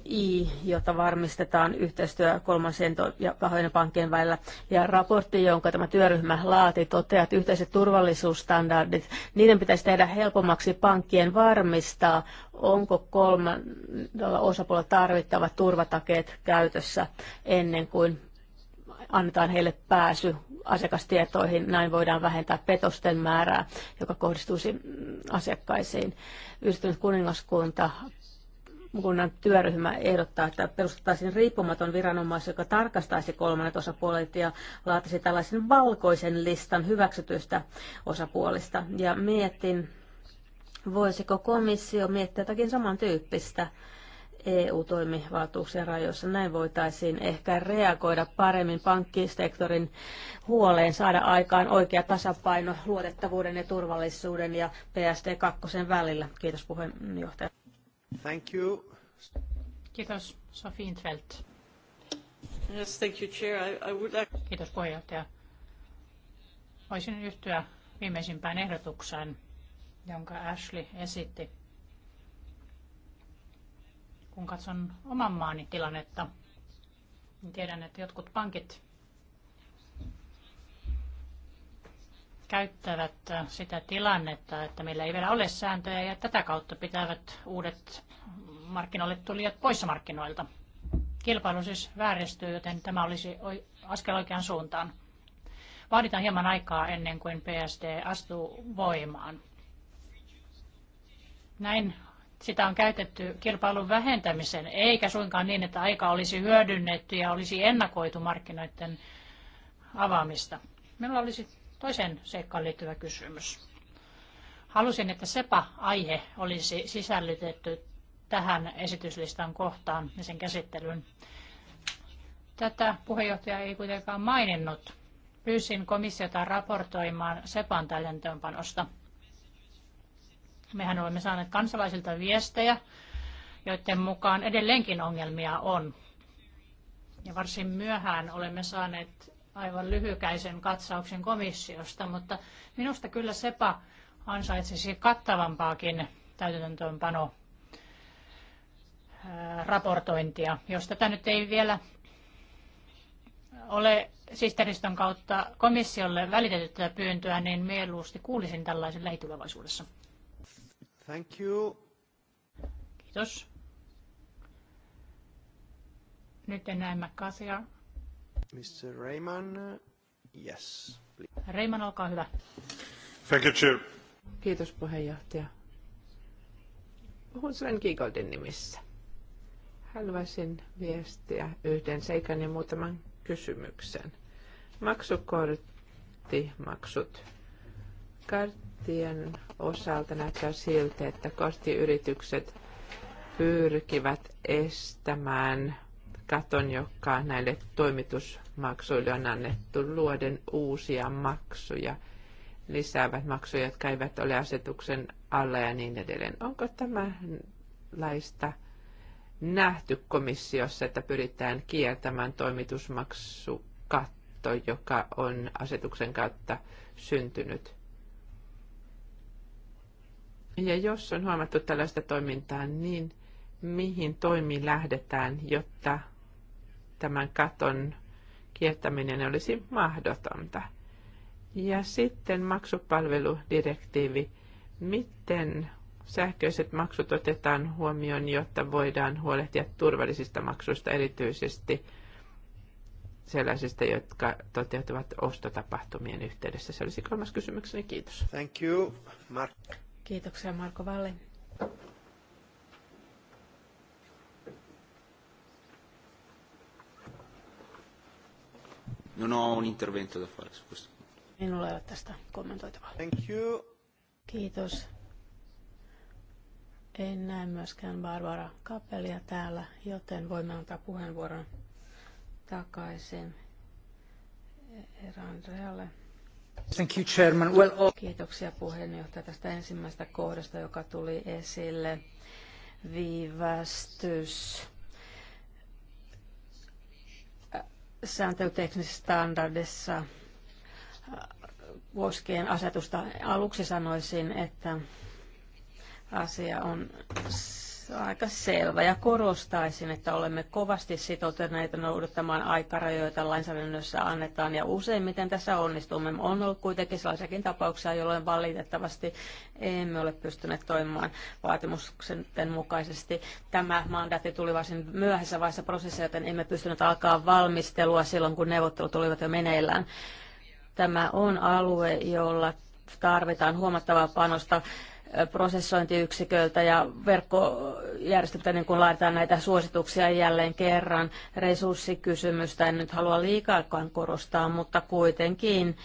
S3: I, jota varmistetaan yhteistyö kolmansien ja tahojen pankkien välillä. Ja raportti, jonka tämä työryhmä laati, toteaa, että yhteiset turvallisuusstandardit, niiden pitäisi tehdä helpommaksi pankkien varmistaa, onko kolmannella osapuolella tarvittavat turvatakeet käytössä ennen kuin annetaan heille pääsy asiakastietoihin. Näin voidaan vähentää petosten määrää, joka kohdistuisi asiakkaisiin. Yhdistynyt kuningaskunta kunnan työryhmä ehdottaa, että perustettaisiin riippumaton viranomais, joka tarkastaisi kolmannet osapuolet ja laatisi tällaisen valkoisen listan hyväksytyistä osapuolista. Ja mietin, voisiko komissio miettiä jotakin samantyyppistä EU-toimivaltuuksien rajoissa. Näin voitaisiin ehkä reagoida paremmin pankkisektorin huoleen, saada aikaan oikea tasapaino luotettavuuden ja turvallisuuden ja PSD2 välillä. Kiitos puheenjohtaja.
S2: Thank you. Kiitos, Sofiin Intveld. Yes, thank you, Chair. I would like... Kiitos puheenjohtaja. Voisin yhtyä viimeisimpään ehdotukseen, jonka Ashley esitti. Kun katson oman maani tilannetta, niin tiedän, että jotkut pankit käyttävät sitä tilannetta, että meillä ei vielä ole sääntöjä ja tätä kautta pitävät uudet markkinoille tulijat poissa markkinoilta. Kilpailu siis vääristyy, joten tämä olisi askel oikeaan suuntaan. Vaaditaan hieman aikaa ennen kuin PSD astuu voimaan. Näin sitä on käytetty kilpailun vähentämisen, eikä suinkaan niin, että aika olisi hyödynnetty ja olisi ennakoitu markkinoiden avaamista. Minulla olisi toiseen seikkaan liittyvä kysymys. Halusin, että SEPA-aihe olisi sisällytetty tähän esityslistan kohtaan ja sen käsittelyyn. Tätä puheenjohtaja ei kuitenkaan maininnut. Pyysin komissiota raportoimaan SEPAn täydentöönpanosta. Mehän olemme saaneet kansalaisilta viestejä, joiden mukaan edelleenkin ongelmia on. Ja varsin myöhään olemme saaneet aivan lyhykäisen katsauksen komissiosta, mutta minusta kyllä SEPA ansaitsisi kattavampaakin täytäntöönpano raportointia. Jos tätä nyt ei vielä ole sisteristön kautta komissiolle välitetty tätä pyyntöä, niin mieluusti kuulisin tällaisen lähitulevaisuudessa.
S1: Thank you.
S2: Kiitos. Nyt en näe McCasia
S4: Mr. Reiman, yes. Please. Reiman, olkaa hyvä. Thank you, Chair. Kiitos puheenjohtaja. Puhun Sven Giegoldin nimissä. Haluaisin viestiä yhden seikan ja muutaman kysymyksen. Maksukorttimaksut. Karttien osalta näyttää siltä, että korttiyritykset pyrkivät estämään katon, joka näille toimitusmaksuille on annettu luoden uusia maksuja, lisäävät maksuja, jotka eivät ole asetuksen alla ja niin edelleen. Onko tämä laista nähty komissiossa, että pyritään kieltämään toimitusmaksukatto, joka on asetuksen kautta syntynyt? Ja jos on huomattu tällaista toimintaa, niin mihin toimiin lähdetään, jotta tämän katon kiertäminen olisi mahdotonta. Ja sitten maksupalveludirektiivi. Miten sähköiset maksut otetaan huomioon, jotta voidaan huolehtia turvallisista maksuista, erityisesti sellaisista, jotka toteutuvat ostotapahtumien yhteydessä. Se olisi kolmas kysymykseni. Kiitos.
S1: Thank you, Mark.
S3: Kiitoksia Marko Valle.
S5: Non ho un intervento da fare su questo.
S3: Minulla ei ole tästä kommentoitavaa. Thank you. Kiitos. En näe myöskään Barbara kapelia täällä, joten voimme antaa puheenvuoron takaisin herra Andrealle. Thank you, Chairman. Well, oh. Kiitoksia puheenjohtaja tästä ensimmäisestä kohdasta, joka tuli esille. Viivästys sääntelyteknisissä standardissa äh, koskien asetusta. Aluksi sanoisin, että asia on aika selvä ja korostaisin, että olemme kovasti sitoutuneita noudattamaan aikarajoita lainsäädännössä annetaan ja useimmiten tässä onnistumme. On ollut kuitenkin sellaisiakin tapauksia, jolloin valitettavasti emme ole pystyneet toimimaan vaatimuksen mukaisesti. Tämä mandaatti tuli varsin myöhäisessä vaiheessa prosessia, joten emme pystyneet alkaa valmistelua silloin, kun neuvottelut olivat jo meneillään. Tämä on alue, jolla tarvitaan huomattavaa panosta prosessointiyksiköltä ja verkkojärjestöltä, niin kun laitetaan näitä suosituksia jälleen kerran. Resurssikysymystä en nyt halua liikaakaan korostaa, mutta kuitenkin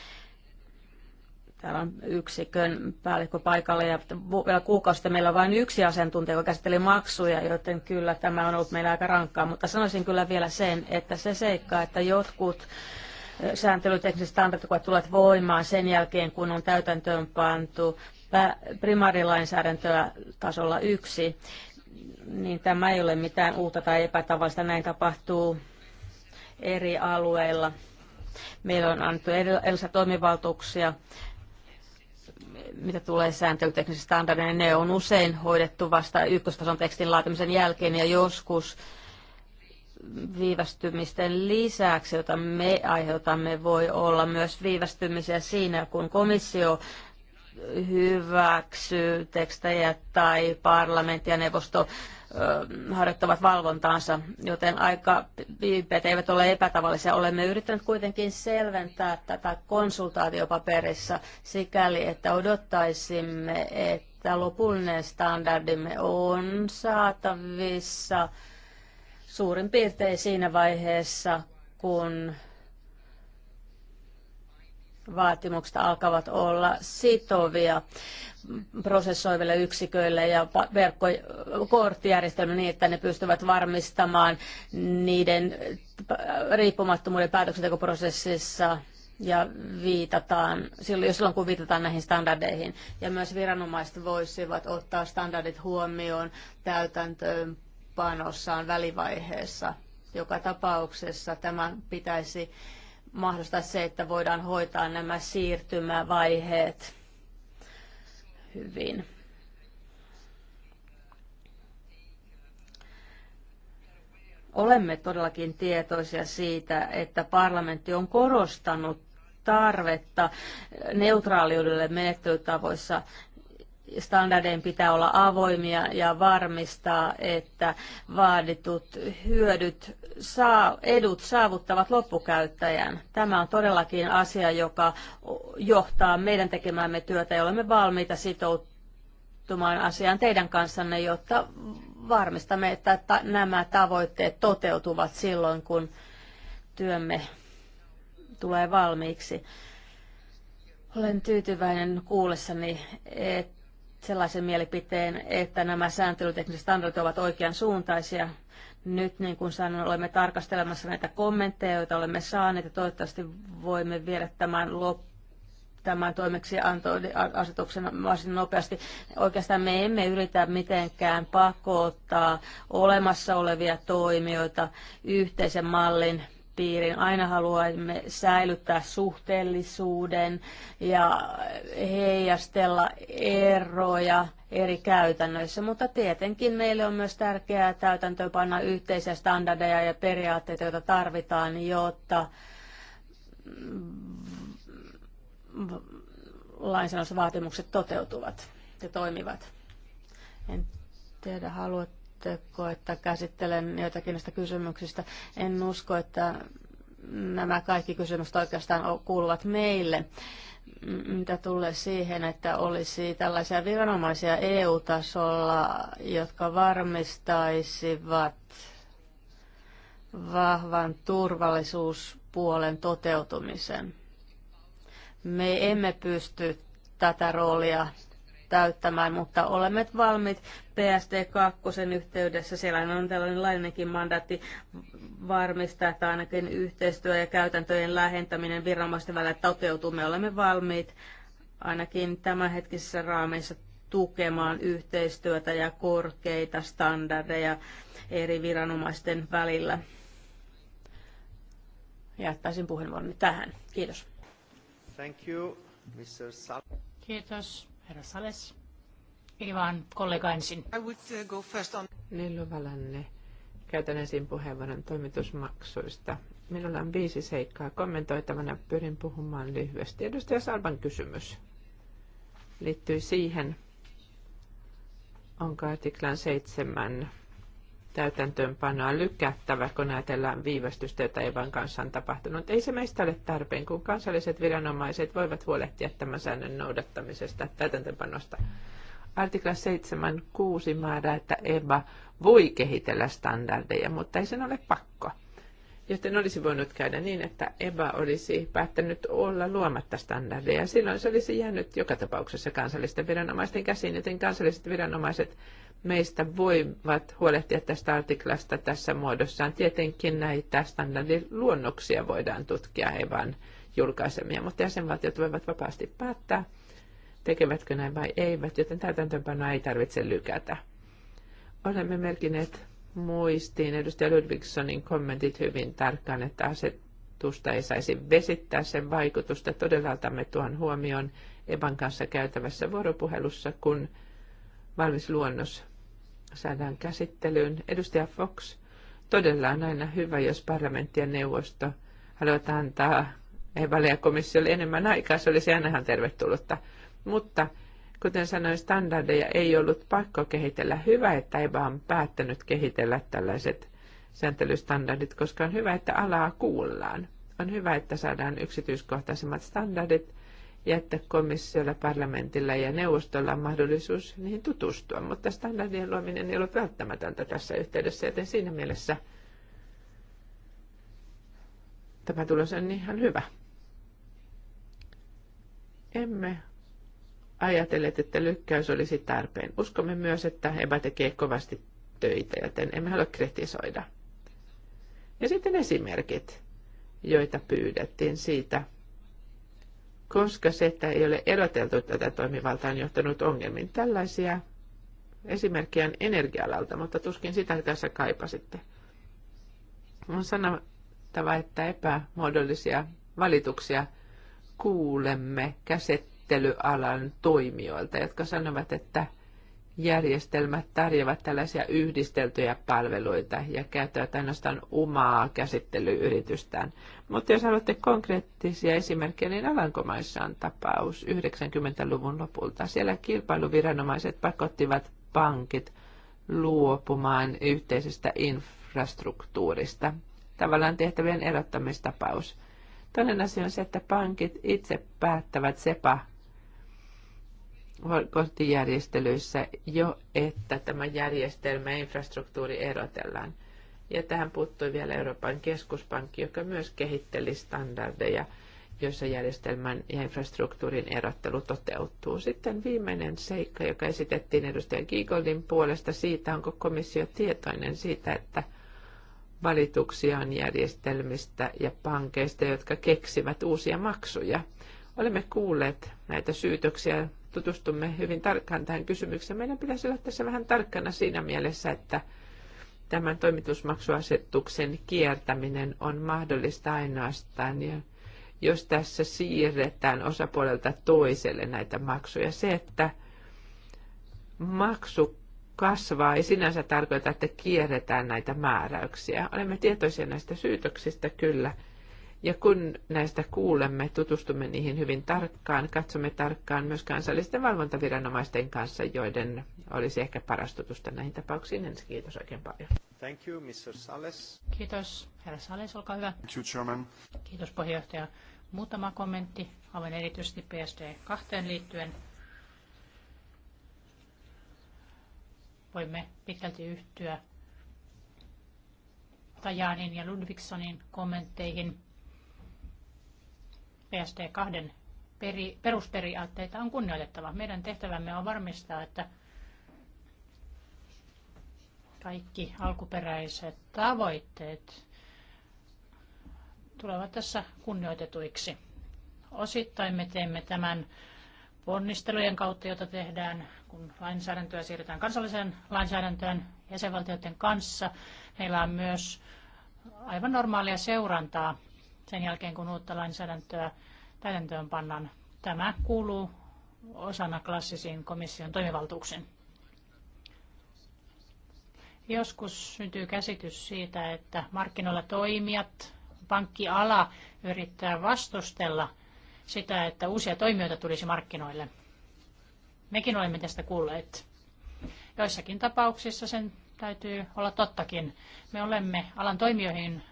S3: täällä on yksikön päällikkö paikalla ja vielä kuukausi meillä on vain yksi asiantuntija, joka käsitteli maksuja, joten kyllä tämä on ollut meillä aika rankkaa, mutta sanoisin kyllä vielä sen, että se seikka, että jotkut sääntelytekniset standardit, kun tulevat voimaan sen jälkeen, kun on täytäntöön pantu primaarilainsäädäntöä tasolla yksi, niin tämä ei ole mitään uutta tai epätavallista. Näin tapahtuu eri alueilla. Meillä on annettu erilaisia toimivaltuuksia, mitä tulee sääntelyteknisiin standardeihin. Ne on usein hoidettu vasta ykköstason tekstin laatimisen jälkeen ja joskus viivästymisten lisäksi, jota me aiheutamme, voi olla myös viivästymisiä siinä, kun komissio hyväksyy tekstejä tai parlamentti ja neuvosto harjoittavat valvontaansa, joten aika viipeet eivät ole epätavallisia. Olemme yrittäneet kuitenkin selventää tätä konsultaatiopaperissa sikäli, että odottaisimme, että lopullinen standardimme on saatavissa suurin piirtein siinä vaiheessa, kun vaatimukset alkavat olla sitovia prosessoiville yksiköille ja verkkokorttijärjestelmä niin, että ne pystyvät varmistamaan niiden äh, riippumattomuuden päätöksentekoprosessissa ja viitataan, silloin kun viitataan näihin standardeihin, ja myös viranomaiset voisivat ottaa standardit huomioon täytäntöönpanossaan välivaiheessa. Joka tapauksessa tämän pitäisi mahdollistaa se, että voidaan hoitaa nämä siirtymävaiheet hyvin. Olemme todellakin tietoisia siitä, että parlamentti on korostanut tarvetta neutraaliudelle menettelytavoissa standardein pitää olla avoimia ja varmistaa, että vaaditut hyödyt, saa, edut saavuttavat loppukäyttäjän. Tämä on todellakin asia, joka johtaa meidän tekemäämme työtä ja olemme valmiita sitoutumaan asiaan teidän kanssanne, jotta varmistamme, että nämä tavoitteet toteutuvat silloin, kun työmme tulee valmiiksi. Olen tyytyväinen kuullessani, että sellaisen mielipiteen, että nämä sääntelytekniset standardit ovat oikean suuntaisia. Nyt, niin kuin sanoin, olemme tarkastelemassa näitä kommentteja, joita olemme saaneet, ja toivottavasti voimme viedä tämän loppuun tämän toimeksiantoasetuksen varsin nopeasti. Oikeastaan me emme yritä mitenkään pakottaa olemassa olevia toimijoita yhteisen mallin piiriin. Aina haluamme säilyttää suhteellisuuden ja heijastella eroja eri käytännöissä, mutta tietenkin meille on myös tärkeää täytäntöönpanna yhteisiä standardeja ja periaatteita, joita tarvitaan, jotta lainsäädännössä vaatimukset toteutuvat ja toimivat. En tiedä, haluat koe, että käsittelen joitakin näistä kysymyksistä? En usko, että nämä kaikki kysymykset oikeastaan kuuluvat meille. Mitä tulee siihen, että olisi tällaisia viranomaisia EU-tasolla, jotka varmistaisivat vahvan turvallisuuspuolen toteutumisen. Me emme pysty tätä roolia täyttämään, mutta olemme valmiit PSD2 yhteydessä. Siellä on tällainen lainenkin mandaatti varmistaa, että ainakin yhteistyö ja käytäntöjen lähentäminen viranomaisten välillä toteutuu. Me olemme valmiit ainakin tämänhetkisessä raameissa tukemaan yhteistyötä ja korkeita standardeja eri viranomaisten välillä. Jättäisin puheenvuoroni tähän. Kiitos.
S1: Thank you, Mr. Sal- Kiitos
S2: herra Sales. kollega ensin.
S1: I would uh, go first on...
S4: Niin, Käytän ensin puheenvuoron toimitusmaksuista. Minulla on viisi seikkaa kommentoitavana. Pyrin puhumaan lyhyesti. Edustaja Salvan kysymys liittyy siihen, onko artiklan 7 täytäntöönpanoa lykättävä, kun ajatellaan viivästystä, jota Evan kanssa on tapahtunut. Ei se meistä ole tarpeen, kun kansalliset viranomaiset voivat huolehtia tämän säännön noudattamisesta täytäntöönpanosta. Artikla 7.6 määrää, että Eva voi kehitellä standardeja, mutta ei sen ole pakko. Joten olisi voinut käydä niin, että EBA olisi päättänyt olla luomatta standardeja. Silloin se olisi jäänyt joka tapauksessa kansallisten viranomaisten käsiin, joten kansalliset viranomaiset meistä voivat huolehtia tästä artiklasta tässä muodossaan. Tietenkin näitä standardiluonnoksia voidaan tutkia EBAn julkaisemia, mutta jäsenvaltiot voivat vapaasti päättää, tekevätkö näin vai eivät, joten täytäntöönpanoa ei tarvitse lykätä. Olemme merkineet muistiin edustaja Ludvigssonin kommentit hyvin tarkkaan, että asetusta ei saisi vesittää sen vaikutusta. Todella otamme tuon huomioon Evan kanssa käytävässä vuoropuhelussa, kun valmis luonnos saadaan käsittelyyn. Edustaja Fox, todella on aina hyvä, jos parlamentti ja neuvosto haluavat antaa Evalle ja komissiolle enemmän aikaa. Se olisi ainahan tervetullutta. Mutta Kuten sanoin, standardeja ei ollut pakko kehitellä. Hyvä, että ei vaan päättänyt kehitellä tällaiset sääntelystandardit, koska on hyvä, että alaa kuullaan. On hyvä, että saadaan yksityiskohtaisemmat standardit ja että komissiolla, parlamentilla ja neuvostolla on mahdollisuus niihin tutustua. Mutta standardien luominen ei ole välttämätöntä tässä yhteydessä, joten siinä mielessä tämä tulos on ihan hyvä. Emme ajatelleet, että lykkäys olisi tarpeen. Uskomme myös, että EBA tekee kovasti töitä, joten emme halua kritisoida. Ja sitten esimerkit, joita pyydettiin siitä, koska se, että ei ole eroteltu tätä toimivaltaan on johtanut ongelmin Tällaisia esimerkkejä on energialalta, mutta tuskin sitä tässä kaipasitte. On sanottava, että epämuodollisia valituksia kuulemme käset käsittelyalan toimijoilta, jotka sanovat, että järjestelmät tarjoavat tällaisia yhdisteltyjä palveluita ja käyttävät ainoastaan omaa käsittelyyritystään. Mutta jos haluatte konkreettisia esimerkkejä, niin Alankomaissa on tapaus 90-luvun lopulta. Siellä kilpailuviranomaiset pakottivat pankit luopumaan yhteisestä infrastruktuurista. Tavallaan tehtävien erottamistapaus. Toinen asia on se, että pankit itse päättävät sepa korttijärjestelyissä jo, että tämä järjestelmä ja infrastruktuuri erotellaan. Ja tähän puuttui vielä Euroopan keskuspankki, joka myös kehitteli standardeja, joissa järjestelmän ja infrastruktuurin erottelu toteutuu. Sitten viimeinen seikka, joka esitettiin edustajan Giegoldin puolesta siitä, onko komissio tietoinen siitä, että valituksia on järjestelmistä ja pankeista, jotka keksivät uusia maksuja. Olemme kuulleet näitä syytöksiä tutustumme hyvin tarkkaan tähän kysymykseen. Meidän pitäisi olla tässä vähän tarkkana siinä mielessä, että tämän toimitusmaksuasetuksen kiertäminen on mahdollista ainoastaan, ja jos tässä siirretään osapuolelta toiselle näitä maksuja. Se, että maksu kasvaa ei sinänsä tarkoita, että kierretään näitä määräyksiä. Olemme tietoisia näistä syytöksistä kyllä – ja kun näistä kuulemme, tutustumme niihin hyvin tarkkaan, katsomme tarkkaan myös kansallisten valvontaviranomaisten kanssa, joiden olisi ehkä paras tutusta näihin tapauksiin. Ensin kiitos oikein paljon.
S1: Thank you, Mr. Sales.
S2: Kiitos, herra Sales, olkaa hyvä.
S1: Thank you, Chairman.
S2: Kiitos, puheenjohtaja. Muutama kommentti, aivan erityisesti PSD2 liittyen. Voimme pitkälti yhtyä Tajanin ja Ludvigsonin kommentteihin – PSD2 peri, perusperiaatteita on kunnioitettava. Meidän tehtävämme on varmistaa, että kaikki alkuperäiset tavoitteet tulevat tässä kunnioitetuiksi. Osittain me teemme tämän ponnistelujen kautta, jota tehdään, kun lainsäädäntöä siirretään kansalliseen lainsäädäntöön jäsenvaltioiden kanssa. Meillä on myös aivan normaalia seurantaa sen jälkeen, kun uutta lainsäädäntöä täytäntöön pannaan. Tämä kuuluu osana klassisiin komission toimivaltuuksiin. Joskus syntyy käsitys siitä, että markkinoilla toimijat, pankkiala yrittää vastustella sitä, että uusia toimijoita tulisi markkinoille. Mekin olemme tästä kuulleet. Joissakin tapauksissa sen täytyy olla tottakin. Me olemme alan toimijoihin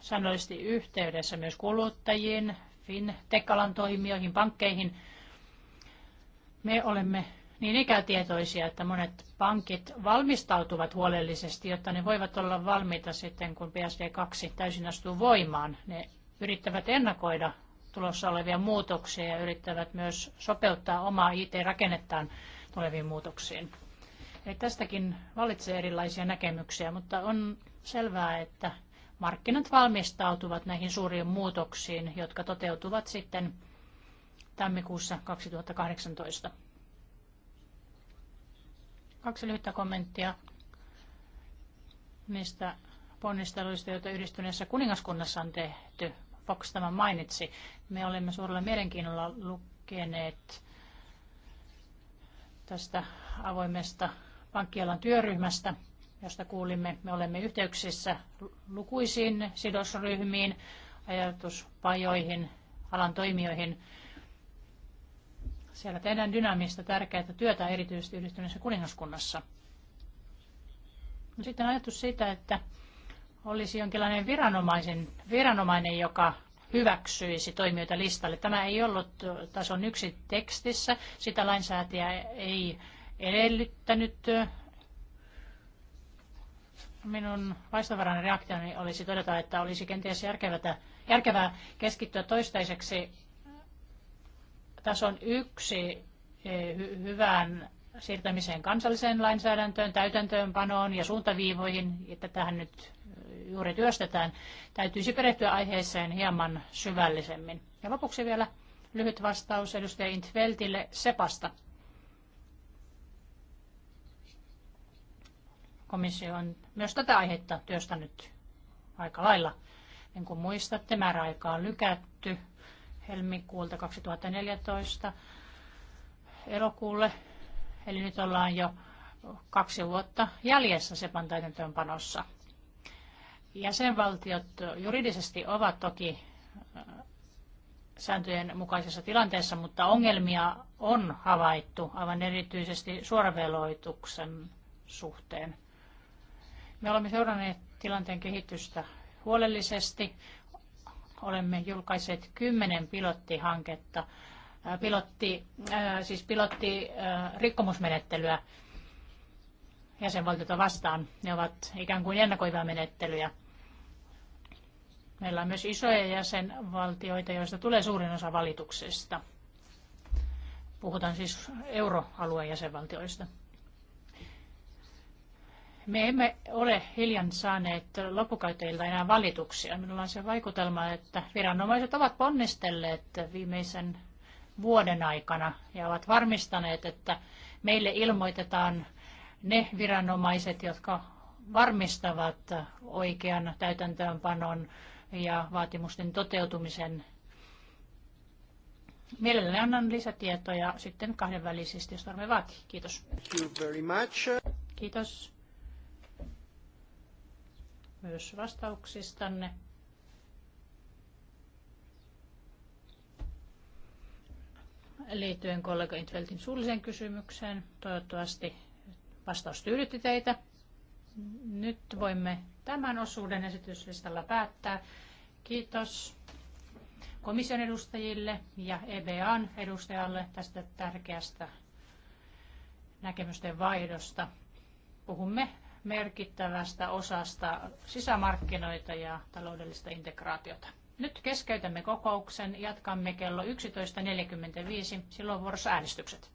S2: säännöllisesti yhteydessä myös kuluttajiin, fintech-alan toimijoihin, pankkeihin. Me olemme niin ikätietoisia, että monet pankit valmistautuvat huolellisesti, jotta ne voivat olla valmiita sitten, kun PSD2 täysin astuu voimaan. Ne yrittävät ennakoida tulossa olevia muutoksia ja yrittävät myös sopeuttaa omaa IT-rakennettaan tuleviin muutoksiin. Eli tästäkin valitsee erilaisia näkemyksiä, mutta on selvää, että markkinat valmistautuvat näihin suuriin muutoksiin, jotka toteutuvat sitten tammikuussa 2018. Kaksi lyhyttä kommenttia niistä ponnisteluista, joita yhdistyneessä kuningaskunnassa on tehty. Fox tämä mainitsi. Me olemme suurella mielenkiinnolla lukeneet tästä avoimesta pankkialan työryhmästä – josta kuulimme. Me olemme yhteyksissä lukuisiin sidosryhmiin, ajatuspajoihin, alan toimijoihin. Siellä tehdään dynaamista tärkeää työtä erityisesti yhdistyneessä kuningaskunnassa. No sitten ajatus siitä, että olisi jonkinlainen viranomaisen, viranomainen, joka hyväksyisi toimijoita listalle. Tämä ei ollut tason yksi tekstissä. Sitä lainsäätäjä ei edellyttänyt minun vaistovarainen reaktioni niin olisi todeta, että olisi kenties järkevää, järkevää keskittyä toistaiseksi tason yksi eh, hy- hyvään siirtämiseen kansalliseen lainsäädäntöön, täytäntöönpanoon ja suuntaviivoihin, että tähän nyt eh, juuri työstetään, täytyisi perehtyä aiheeseen hieman syvällisemmin. Ja lopuksi vielä lyhyt vastaus edustaja Intveltille Sepasta. Komissio on myös tätä aihetta työstänyt aika lailla. Niin kuin muistatte, määräaika on lykätty helmikuulta 2014 elokuulle. Eli nyt ollaan jo kaksi vuotta jäljessä SEPAn täytäntöönpanossa. Jäsenvaltiot juridisesti ovat toki äh, sääntöjen mukaisessa tilanteessa, mutta ongelmia on havaittu aivan erityisesti suoraveloituksen suhteen. Me olemme seuranneet tilanteen kehitystä huolellisesti. Olemme julkaiseet kymmenen pilottihanketta, äh, pilotti, äh, siis pilotti äh, rikkomusmenettelyä jäsenvaltiota vastaan. Ne ovat ikään kuin ennakoivia menettelyjä. Meillä on myös isoja jäsenvaltioita, joista tulee suurin osa valituksista. Puhutaan siis euroalueen jäsenvaltioista. Me emme ole hiljan saaneet loppukäyttäjiltä enää valituksia. Minulla on se vaikutelma, että viranomaiset ovat ponnistelleet viimeisen vuoden aikana ja ovat varmistaneet, että meille ilmoitetaan ne viranomaiset, jotka varmistavat oikean täytäntöönpanon ja vaatimusten toteutumisen. Mielelläni annan lisätietoja sitten kahdenvälisesti, jos tarve vaatii. Kiitos. Thank
S1: you very much.
S2: Kiitos myös vastauksistanne. Liittyen kollega Intveltin suulliseen kysymykseen, toivottavasti vastaus tyydytti teitä. Nyt voimme tämän osuuden esityslistalla päättää. Kiitos komission edustajille ja EBAn edustajalle tästä tärkeästä näkemysten vaihdosta. Puhumme merkittävästä osasta sisämarkkinoita ja taloudellista integraatiota. Nyt keskeytämme kokouksen, jatkamme kello 11.45, silloin vuorossa äänestykset.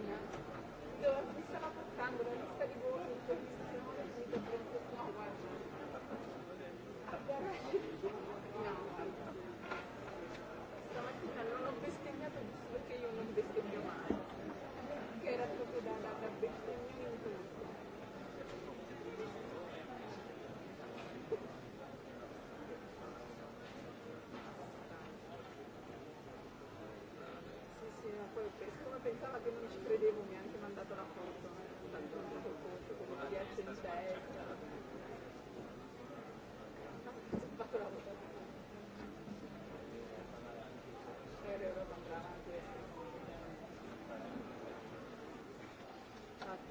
S5: mattina dove mi stava portando la lista di voti in commissione e mi ho detto no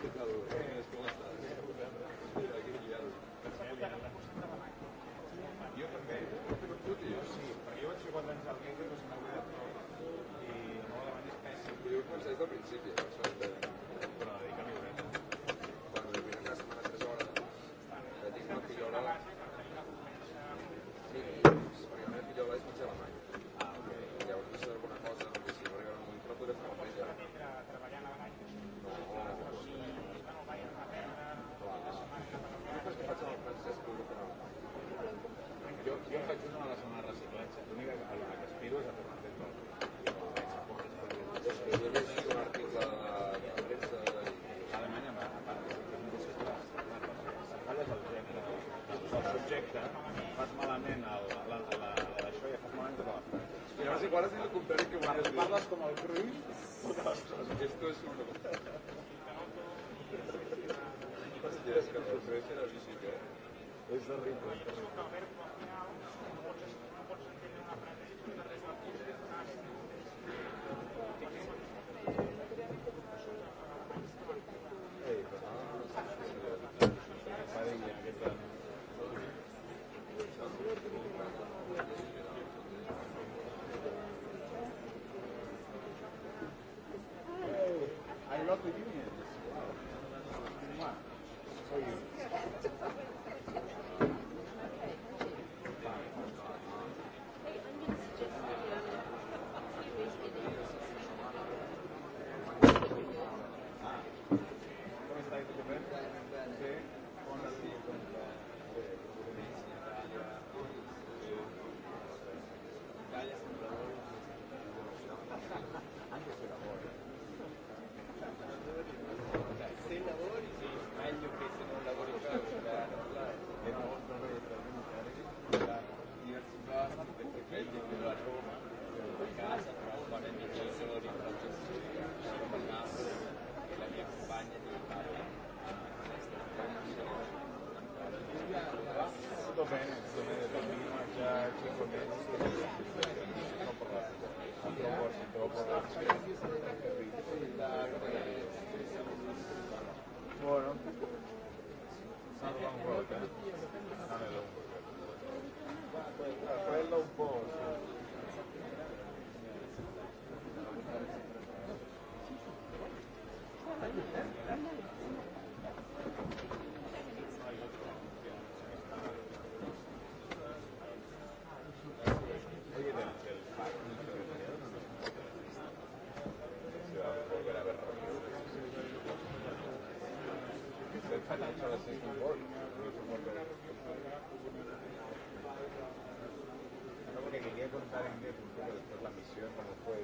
S5: pecadores. Es rico.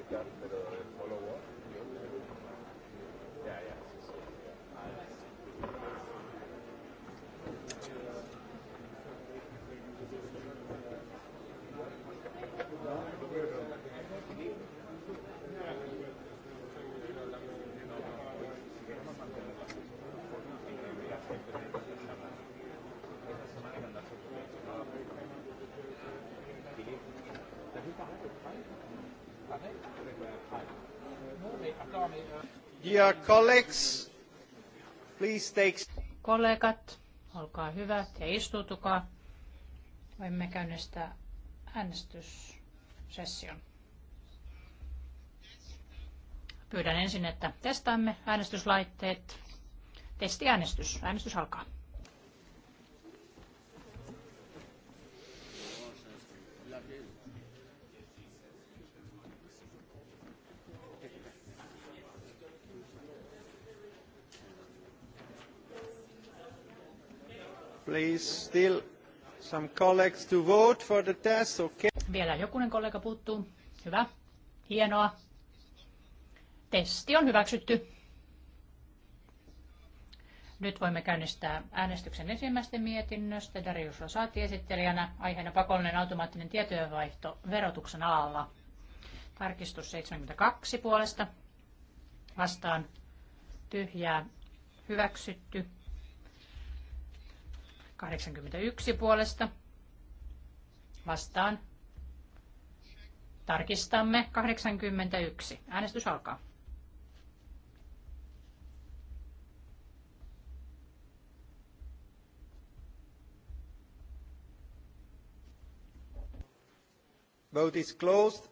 S5: Gracias.
S2: Dear colleagues, please take... Kollegat, olkaa hyvät ja istutukaa. Voimme käynnistää äänestyssession. Pyydän ensin, että testaamme äänestyslaitteet. Testiäänestys. Äänestys alkaa.
S1: please. Still some colleagues to vote for the test. Okay.
S2: Vielä jokunen kollega puuttuu. Hyvä. Hienoa. Testi on hyväksytty. Nyt voimme käynnistää äänestyksen ensimmäisten mietinnöstä. Darius Rosati esittelijänä aiheena pakollinen automaattinen tietojenvaihto verotuksen alalla. Tarkistus 72 puolesta. Vastaan tyhjää hyväksytty. 81 puolesta vastaan. Tarkistamme 81. Äänestys alkaa.
S1: Vote is closed.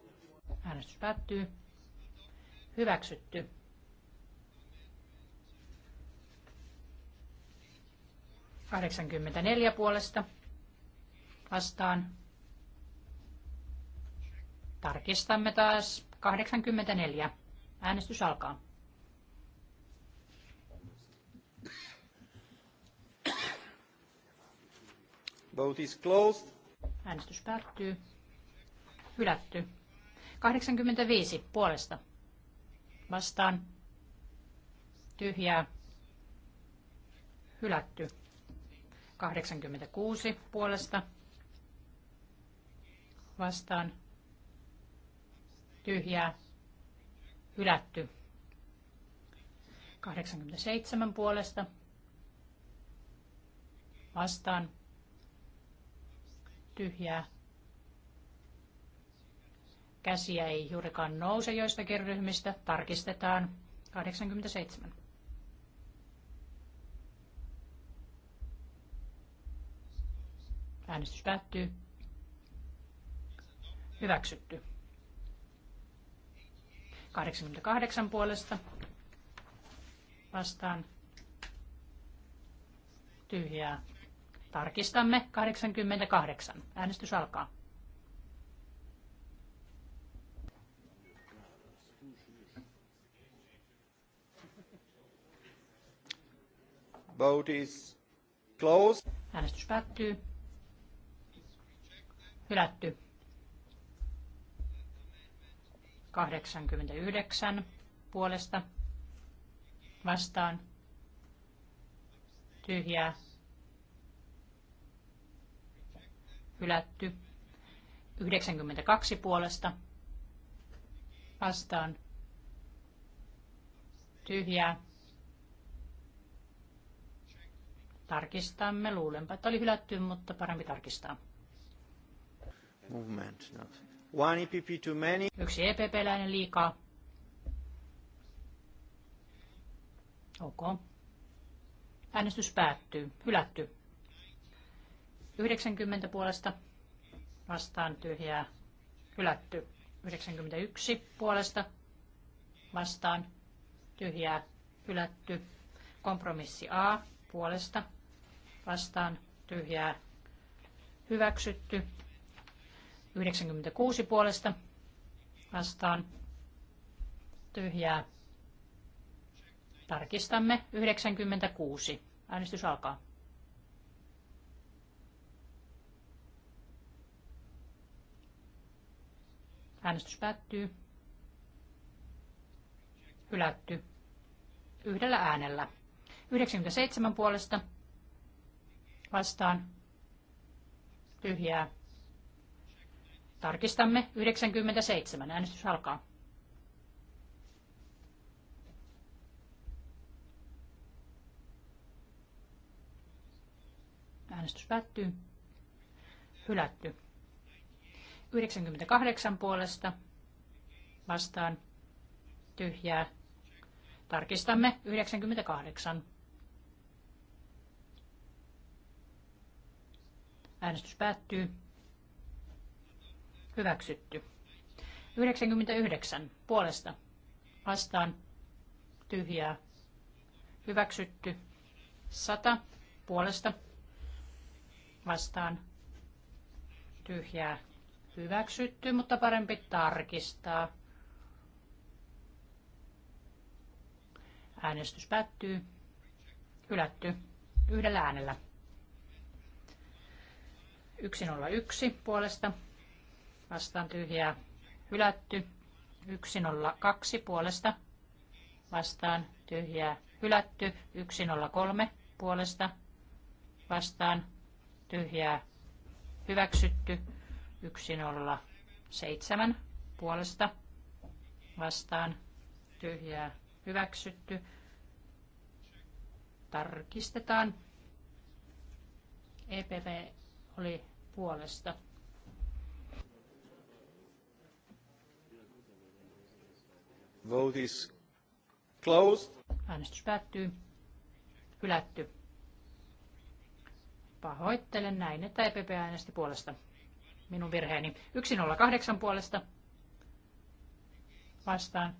S2: Äänestys päättyy. Hyväksytty. 84 puolesta vastaan. Tarkistamme taas 84. Äänestys alkaa.
S1: Vote is closed.
S2: Äänestys päättyy. Hylätty. 85 puolesta. Vastaan. Tyhjää. Hylätty. 86 puolesta vastaan tyhjää hylätty. 87 puolesta vastaan tyhjää. Käsiä ei juurikaan nouse joistakin ryhmistä. Tarkistetaan 87. Äänestys päättyy. Hyväksytty. 88 puolesta vastaan tyhjää. Tarkistamme 88. Äänestys alkaa.
S1: Vote is closed. Äänestys päättyy. Hylätty.
S2: 89 puolesta vastaan tyhjää hylätty 92 puolesta vastaan tyhjää tarkistamme luulenpa että oli hylätty mutta parempi tarkistaa
S1: Movement, One EPP too many.
S2: Yksi EPP-läinen liikaa. Ok. Äänestys päättyy. Hylätty. 90 puolesta vastaan tyhjää. Hylätty. 91 puolesta vastaan tyhjää. Hylätty. Kompromissi A puolesta vastaan tyhjää. Hyväksytty. 96 puolesta vastaan tyhjää. Tarkistamme 96. Äänestys alkaa. Äänestys päättyy. Hylätty. Yhdellä äänellä. 97 puolesta vastaan. Tyhjää. Tarkistamme 97. Äänestys alkaa. Äänestys päättyy. Hylätty. 98 puolesta vastaan tyhjää. Tarkistamme 98. Äänestys päättyy. Hyväksytty. 99 puolesta. Vastaan. Tyhjää. Hyväksytty. 100 puolesta. Vastaan. Tyhjää. Hyväksytty, mutta parempi tarkistaa. Äänestys päättyy. Hylätty. Yhdellä äänellä. 101 puolesta vastaan tyhjää hylätty. 102 puolesta vastaan tyhjää hylätty. 103 puolesta vastaan tyhjää hyväksytty. 107 puolesta vastaan tyhjää hyväksytty. Tarkistetaan. EPV oli puolesta.
S1: Vote is closed.
S2: Äänestys päättyy. Hylätty. Pahoittelen näin, että EPP äänesti puolesta. Minun virheeni. 108 puolesta. Vastaan.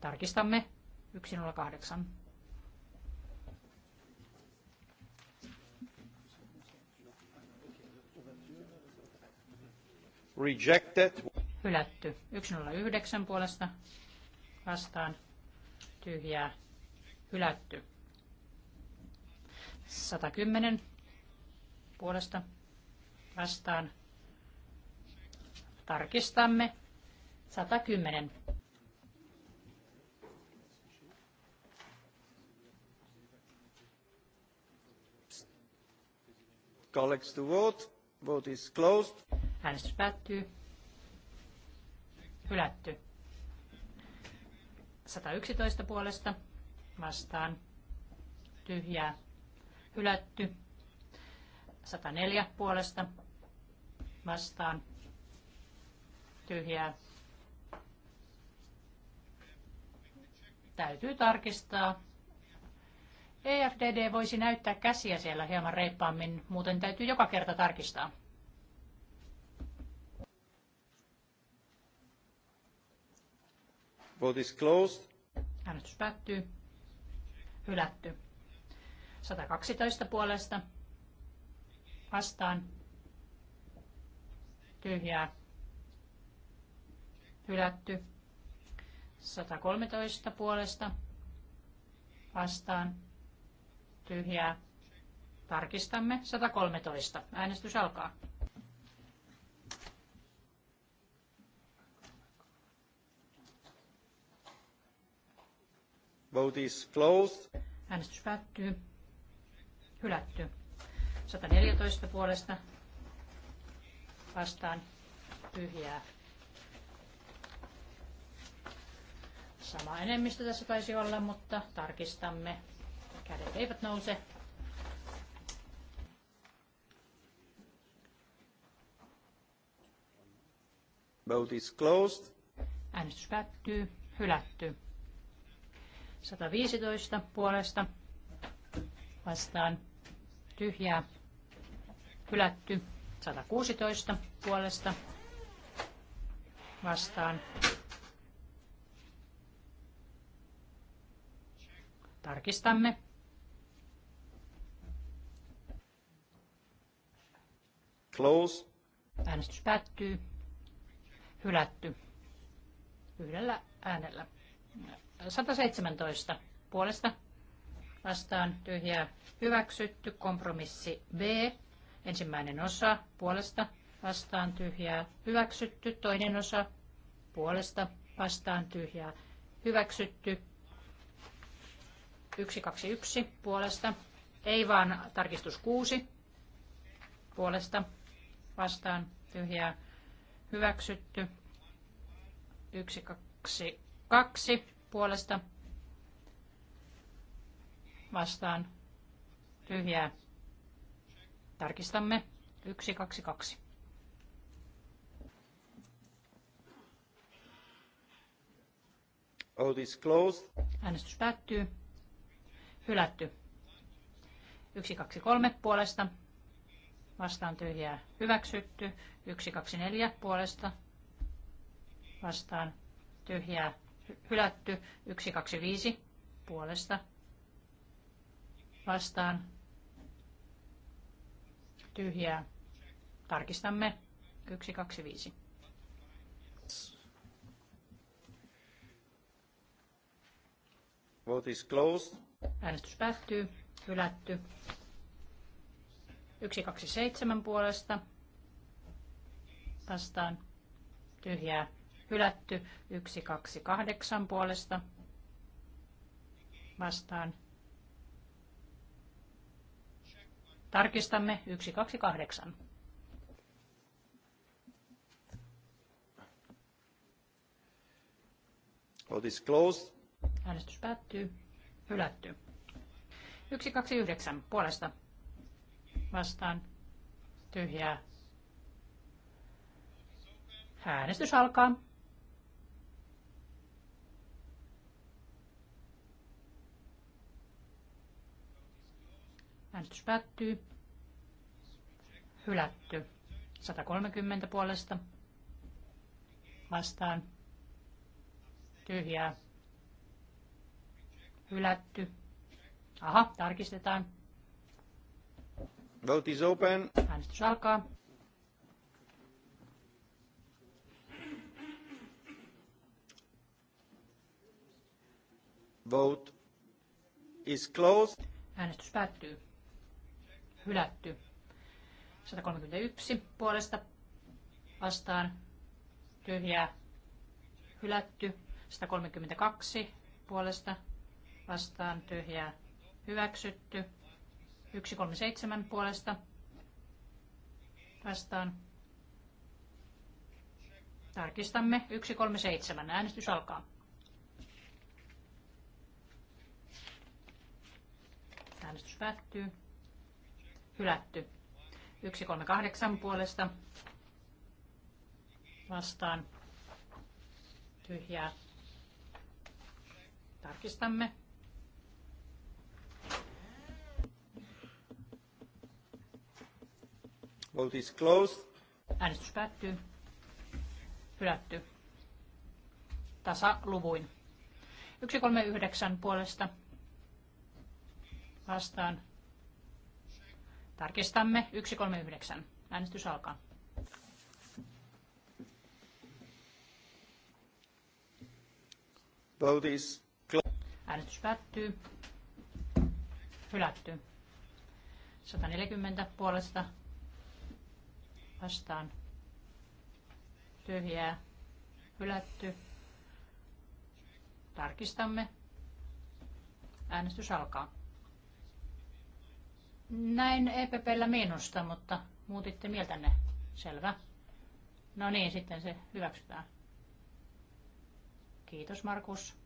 S2: Tarkistamme. 108.
S1: Rejected.
S2: Hylätty. 109 puolesta vastaan. Tyhjää. Hylätty. 110 puolesta vastaan. Tarkistamme. 110.
S1: collects the vote. Vote is closed.
S2: Äänestys päättyy. Hylätty. 111 puolesta vastaan. Tyhjää. Hylätty. 104 puolesta vastaan. Tyhjää. Täytyy tarkistaa. EFDD voisi näyttää käsiä siellä hieman reippaammin, muuten täytyy joka kerta tarkistaa.
S1: Vote is closed.
S2: Äänestys päättyy. Hylätty. 112 puolesta. Vastaan. Tyhjää. Hylätty. 113 puolesta. Vastaan. Tyhjää. Tarkistamme 113. Äänestys alkaa.
S1: Vote is closed.
S2: Äänestys päättyy. Hylätty. 114 puolesta vastaan tyhjää. Sama enemmistö tässä taisi olla, mutta tarkistamme. Kädet eivät nouse.
S1: Vote is closed.
S2: Äänestys päättyy. Hylätty. 115 puolesta vastaan tyhjää hylätty. 116 puolesta vastaan. Tarkistamme. Close. Äänestys päättyy. Hylätty. Yhdellä äänellä. 117 puolesta vastaan tyhjää hyväksytty. Kompromissi B, ensimmäinen osa puolesta vastaan tyhjää hyväksytty. Toinen osa puolesta vastaan tyhjää hyväksytty. 121 puolesta. Ei vaan tarkistus 6 puolesta vastaan tyhjää hyväksytty. 122 puolesta vastaan tyhjää. Tarkistamme kaksi
S1: All is closed.
S2: Äänestys päättyy. Hylätty. kolme puolesta vastaan tyhjää hyväksytty. neljä puolesta vastaan tyhjää hylätty 125 puolesta vastaan tyhjää. Tarkistamme 125.
S1: Vote is closed.
S2: Äänestys päättyy. Hylätty. 127 puolesta vastaan tyhjää Hylätty 128 puolesta vastaan. Tarkistamme 128.
S1: Vote is closed.
S2: Äänestys päättyy. Hylätty. 129 puolesta vastaan. Tyhjää. Äänestys alkaa. Äänestys päättyy. Hylätty. 130 puolesta. Vastaan. Tyhjää. Hylätty. Aha, tarkistetaan.
S1: Vote is open. Äänestys alkaa. Vote is closed.
S2: Äänestys päättyy hylätty. 131 puolesta vastaan tyhjää hylätty. 132 puolesta vastaan tyhjää hyväksytty. 137 puolesta vastaan. Tarkistamme 137. Äänestys alkaa. Äänestys päättyy hylätty. 138 puolesta vastaan tyhjää. Tarkistamme.
S1: Vote is closed. Äänestys päättyy.
S2: Hylätty. luvuin. 139 puolesta vastaan Tarkistamme 139. Äänestys alkaa. Äänestys päättyy. Hylätty. 140 puolesta vastaan. Tyhjää. Hylätty. Tarkistamme. Äänestys alkaa. Näin EPPllä miinusta, mutta muutitte mieltänne. Selvä. No niin, sitten se hyväksytään. Kiitos Markus.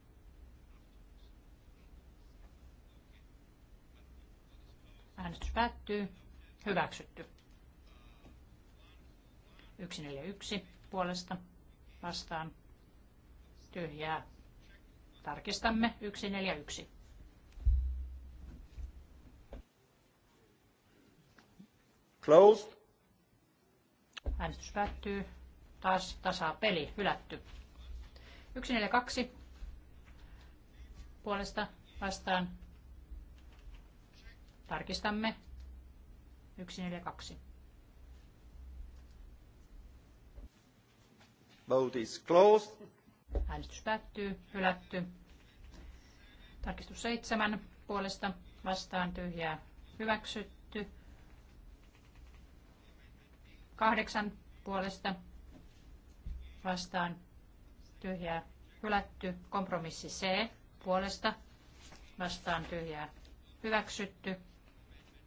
S2: Äänestys päättyy. Hyväksytty. 141 puolesta vastaan. Tyhjää. Tarkistamme 141. Closed. Äänestys päättyy. Taas peli. Hylätty. 1-4-2. Puolesta vastaan. Tarkistamme. 1-4-2.
S1: Vote is closed.
S2: Äänestys päättyy. Hylätty. Tarkistus 7. Puolesta vastaan tyhjää. Hyväksytty. Kahdeksan puolesta vastaan tyhjää hylätty. Kompromissi C puolesta vastaan tyhjää hyväksytty.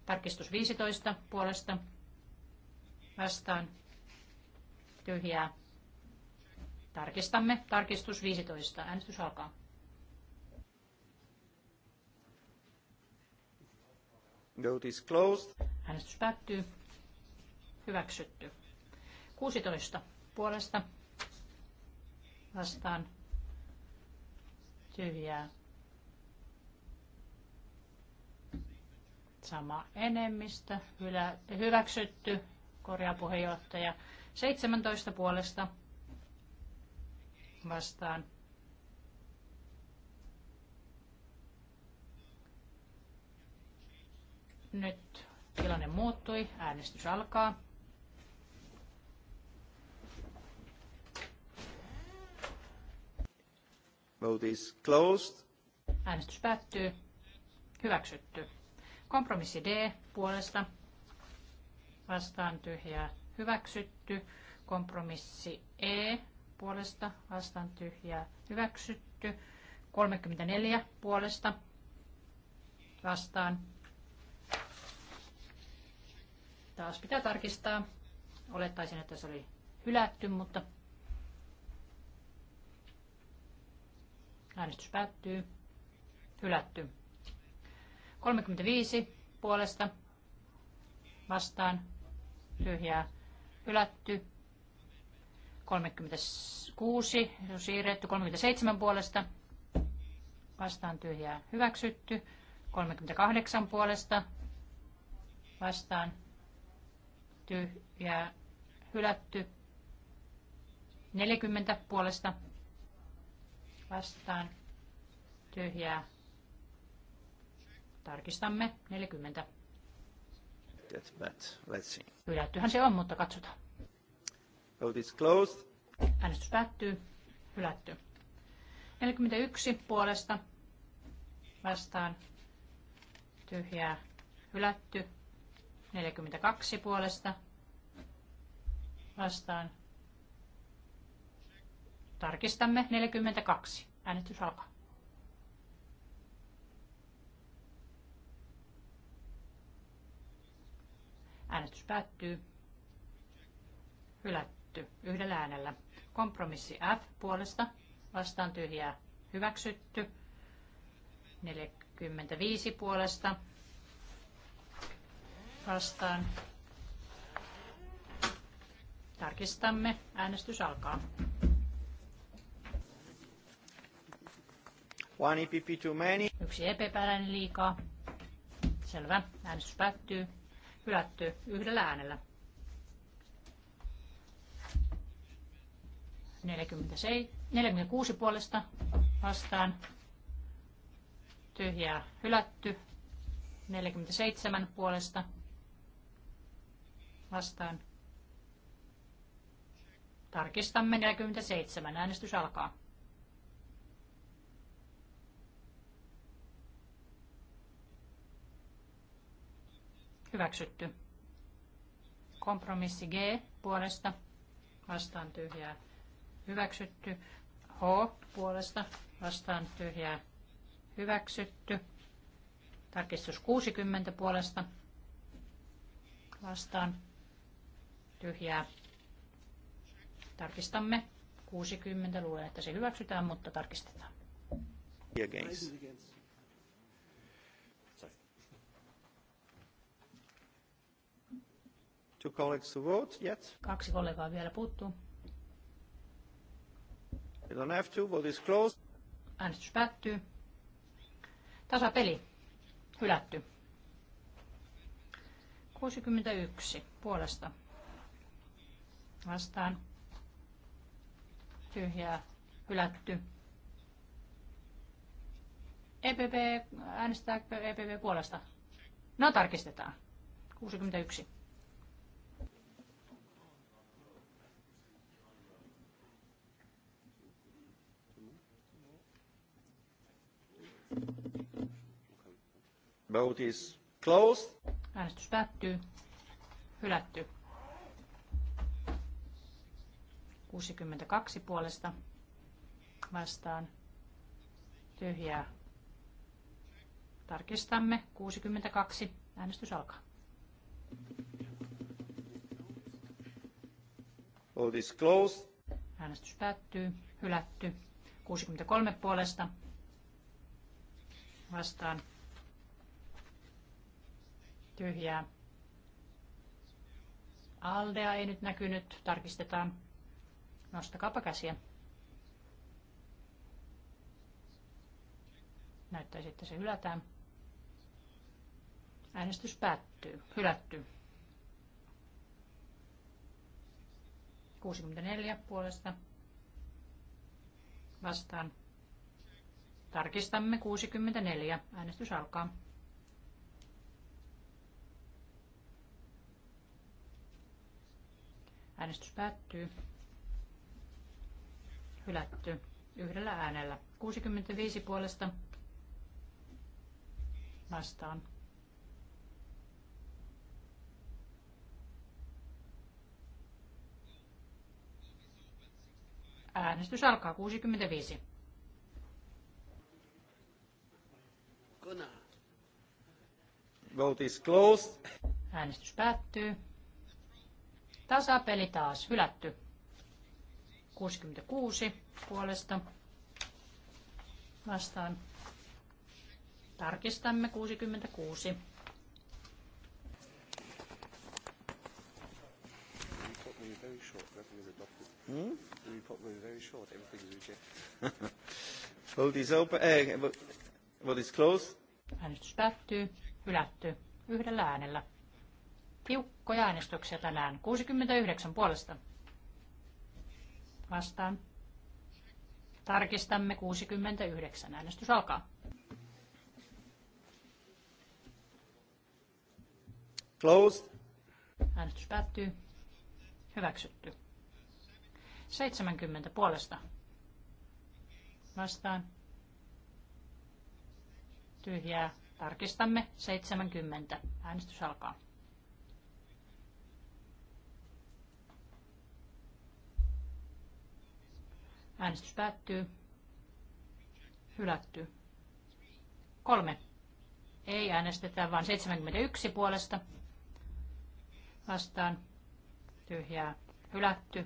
S2: Tarkistus 15 puolesta vastaan tyhjää. Tarkistamme. Tarkistus 15. Äänestys alkaa.
S1: Vote is closed.
S2: Äänestys päättyy. Hyväksytty. 16 puolesta vastaan tyhjää. Sama enemmistö, Hylä, hyväksytty, korjapuheenjohtaja. 17 puolesta vastaan. Nyt tilanne muuttui, äänestys alkaa.
S1: Vote is closed.
S2: Äänestys päättyy. Hyväksytty. Kompromissi D puolesta. Vastaan tyhjää. Hyväksytty. Kompromissi E puolesta. Vastaan tyhjää. Hyväksytty. 34 puolesta. Vastaan. Taas pitää tarkistaa. Olettaisin, että se oli hylätty, mutta Äänestys päättyy. Hylätty. 35 puolesta vastaan tyhjää hylätty. 36 on siirretty. 37 puolesta vastaan tyhjää hyväksytty. 38 puolesta vastaan tyhjää hylätty. 40 puolesta vastaan tyhjää. Tarkistamme 40.
S1: But let's see.
S2: Hylättyhän se on, mutta katsotaan.
S1: Vote is closed.
S2: Äänestys päättyy. Hylätty. 41 puolesta vastaan tyhjää hylätty. 42 puolesta vastaan Tarkistamme 42. Äänestys alkaa. Äänestys päättyy. Hylätty yhdellä äänellä. Kompromissi F puolesta vastaan tyhjää hyväksytty. 45 puolesta vastaan. Tarkistamme. Äänestys alkaa.
S1: One EPP too many.
S2: Yksi epäpäräinen liikaa. Selvä. Äänestys päättyy. Hylätty yhdellä äänellä. 47, 46 puolesta vastaan. Tyhjää hylätty. 47 puolesta vastaan. Tarkistamme 47. Äänestys alkaa. Hyväksytty. Kompromissi G puolesta vastaan tyhjää. Hyväksytty. H puolesta vastaan tyhjää. Hyväksytty. Tarkistus 60 puolesta vastaan tyhjää. Tarkistamme. 60 luulen, että se hyväksytään, mutta tarkistetaan.
S1: Against. Two colleagues to vote yet?
S2: Kaksi kollegaa vielä puuttuu.
S1: You don't have to. Vote is closed.
S2: Äänestys päättyy. Tasapeli. Hylätty. 61 puolesta. Vastaan. Tyhjää. Hylätty. EPP, äänestääkö EPP puolesta? No tarkistetaan. 61.
S1: Vote is closed. Äänestys
S2: päättyy. Hylätty. 62 puolesta vastaan. Tyhjää. Tarkistamme. 62. Äänestys alkaa.
S1: Vote is closed.
S2: Äänestys päättyy. Hylätty. 63 puolesta vastaan tyhjää. Aldea ei nyt näkynyt, tarkistetaan. Nostakaapa käsiä. Näyttäisi, että se hylätään. Äänestys päättyy. Hylätty. 64 puolesta vastaan Tarkistamme 64. Äänestys alkaa. Äänestys päättyy. Hylätty yhdellä äänellä. 65 puolesta vastaan. Äänestys alkaa 65.
S1: Vote is closed.
S2: Äänestys päättyy. Tasapeli taas. Hylätty. 66 puolesta vastaan. Tarkistamme 66.
S1: Hmm? hmm? (laughs) Vote is open. Eh, Vote is closed.
S2: Äänestys päättyy. Hylätty. Yhdellä äänellä. Tiukkoja äänestyksiä tänään. 69 puolesta. Vastaan. Tarkistamme 69. Äänestys alkaa. Closed. Äänestys päättyy. Hyväksytty. 70 puolesta. Vastaan tyhjää. Tarkistamme 70. Äänestys alkaa. Äänestys päättyy. Hylätty. Kolme. Ei äänestetä, vaan 71 puolesta. Vastaan. Tyhjää. Hylätty.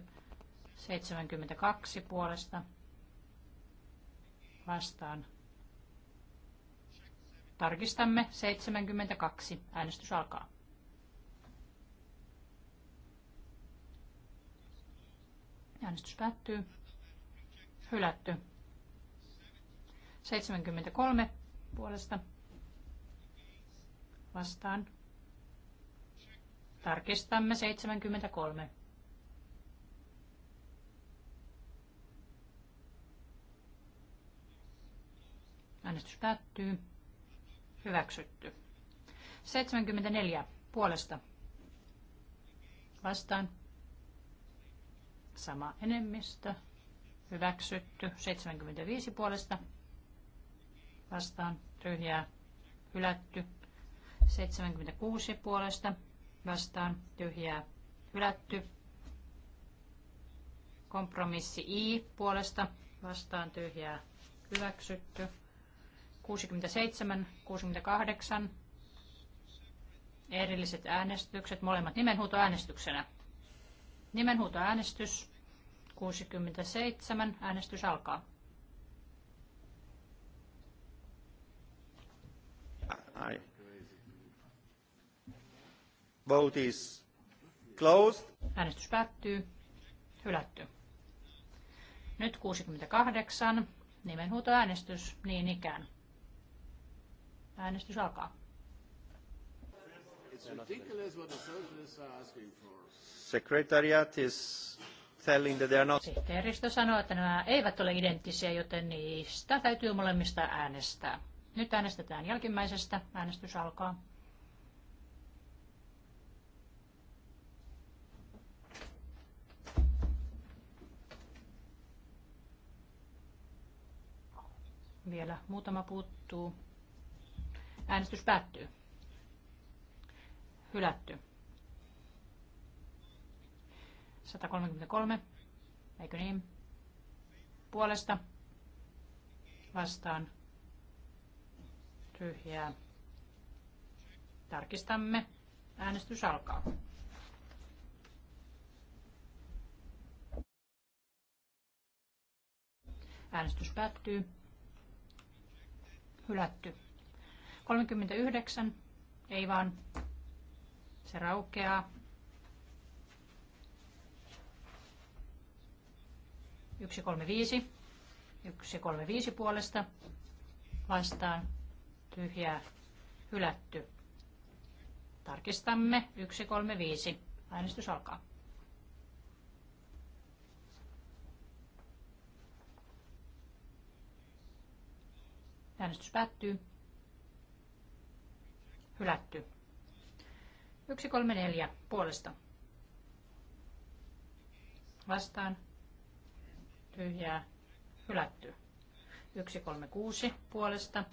S2: 72 puolesta. Vastaan. Tarkistamme 72. Äänestys alkaa. Äänestys päättyy. Hylätty. 73 puolesta vastaan. Tarkistamme 73. Äänestys päättyy. Hyväksytty. 74 puolesta. Vastaan. Sama enemmistö. Hyväksytty. 75 puolesta. Vastaan. Tyhjää. Hylätty. 76 puolesta. Vastaan. Tyhjää. Hylätty. Kompromissi I puolesta. Vastaan. Tyhjää. Hyväksytty. 67, 68, erilliset äänestykset, molemmat nimenhuutoäänestyksenä. Nimenhuutoäänestys 67, äänestys alkaa.
S1: Aye. Vote is closed.
S2: Äänestys päättyy. Hylätty. Nyt 68. Nimenhuutoäänestys niin ikään. Äänestys alkaa.
S1: Secretariat is telling that they are not...
S2: Sihteeristö sanoo, että nämä eivät ole identtisiä, joten niistä täytyy molemmista äänestää. Nyt äänestetään jälkimmäisestä. Äänestys alkaa. Vielä muutama puuttuu.
S4: Äänestys päättyy.
S2: Hylätty. 133. Eikö niin? Puolesta. Vastaan. Tyhjää. Tarkistamme. Äänestys alkaa. Äänestys päättyy. Hylätty. 39. Ei vaan. Se raukeaa. Yksi kolme viisi. Yksi kolme viisi puolesta. Vastaan. Tyhjää. Hylätty. Tarkistamme. Yksi kolme viisi. Äänestys alkaa. Äänestys päättyy. Hylätty. 134 puolesta. Vastaan. Tyhjää. Hylätty. 136 puolesta.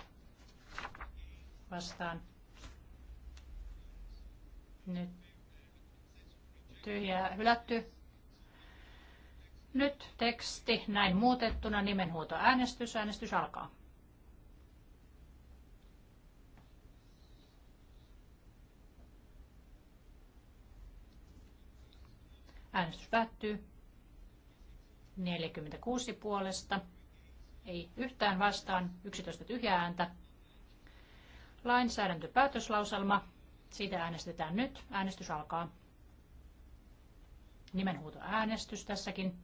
S2: Vastaan. Nyt. Tyhjää. Hylätty. Nyt teksti näin muutettuna nimenhuuto äänestys. Äänestys alkaa. Äänestys päättyy. 46 puolesta. Ei yhtään vastaan. 11 tyhjää ääntä. Lainsäädäntöpäätöslauselma. Siitä äänestetään nyt. Äänestys alkaa. Nimenhuutoäänestys tässäkin.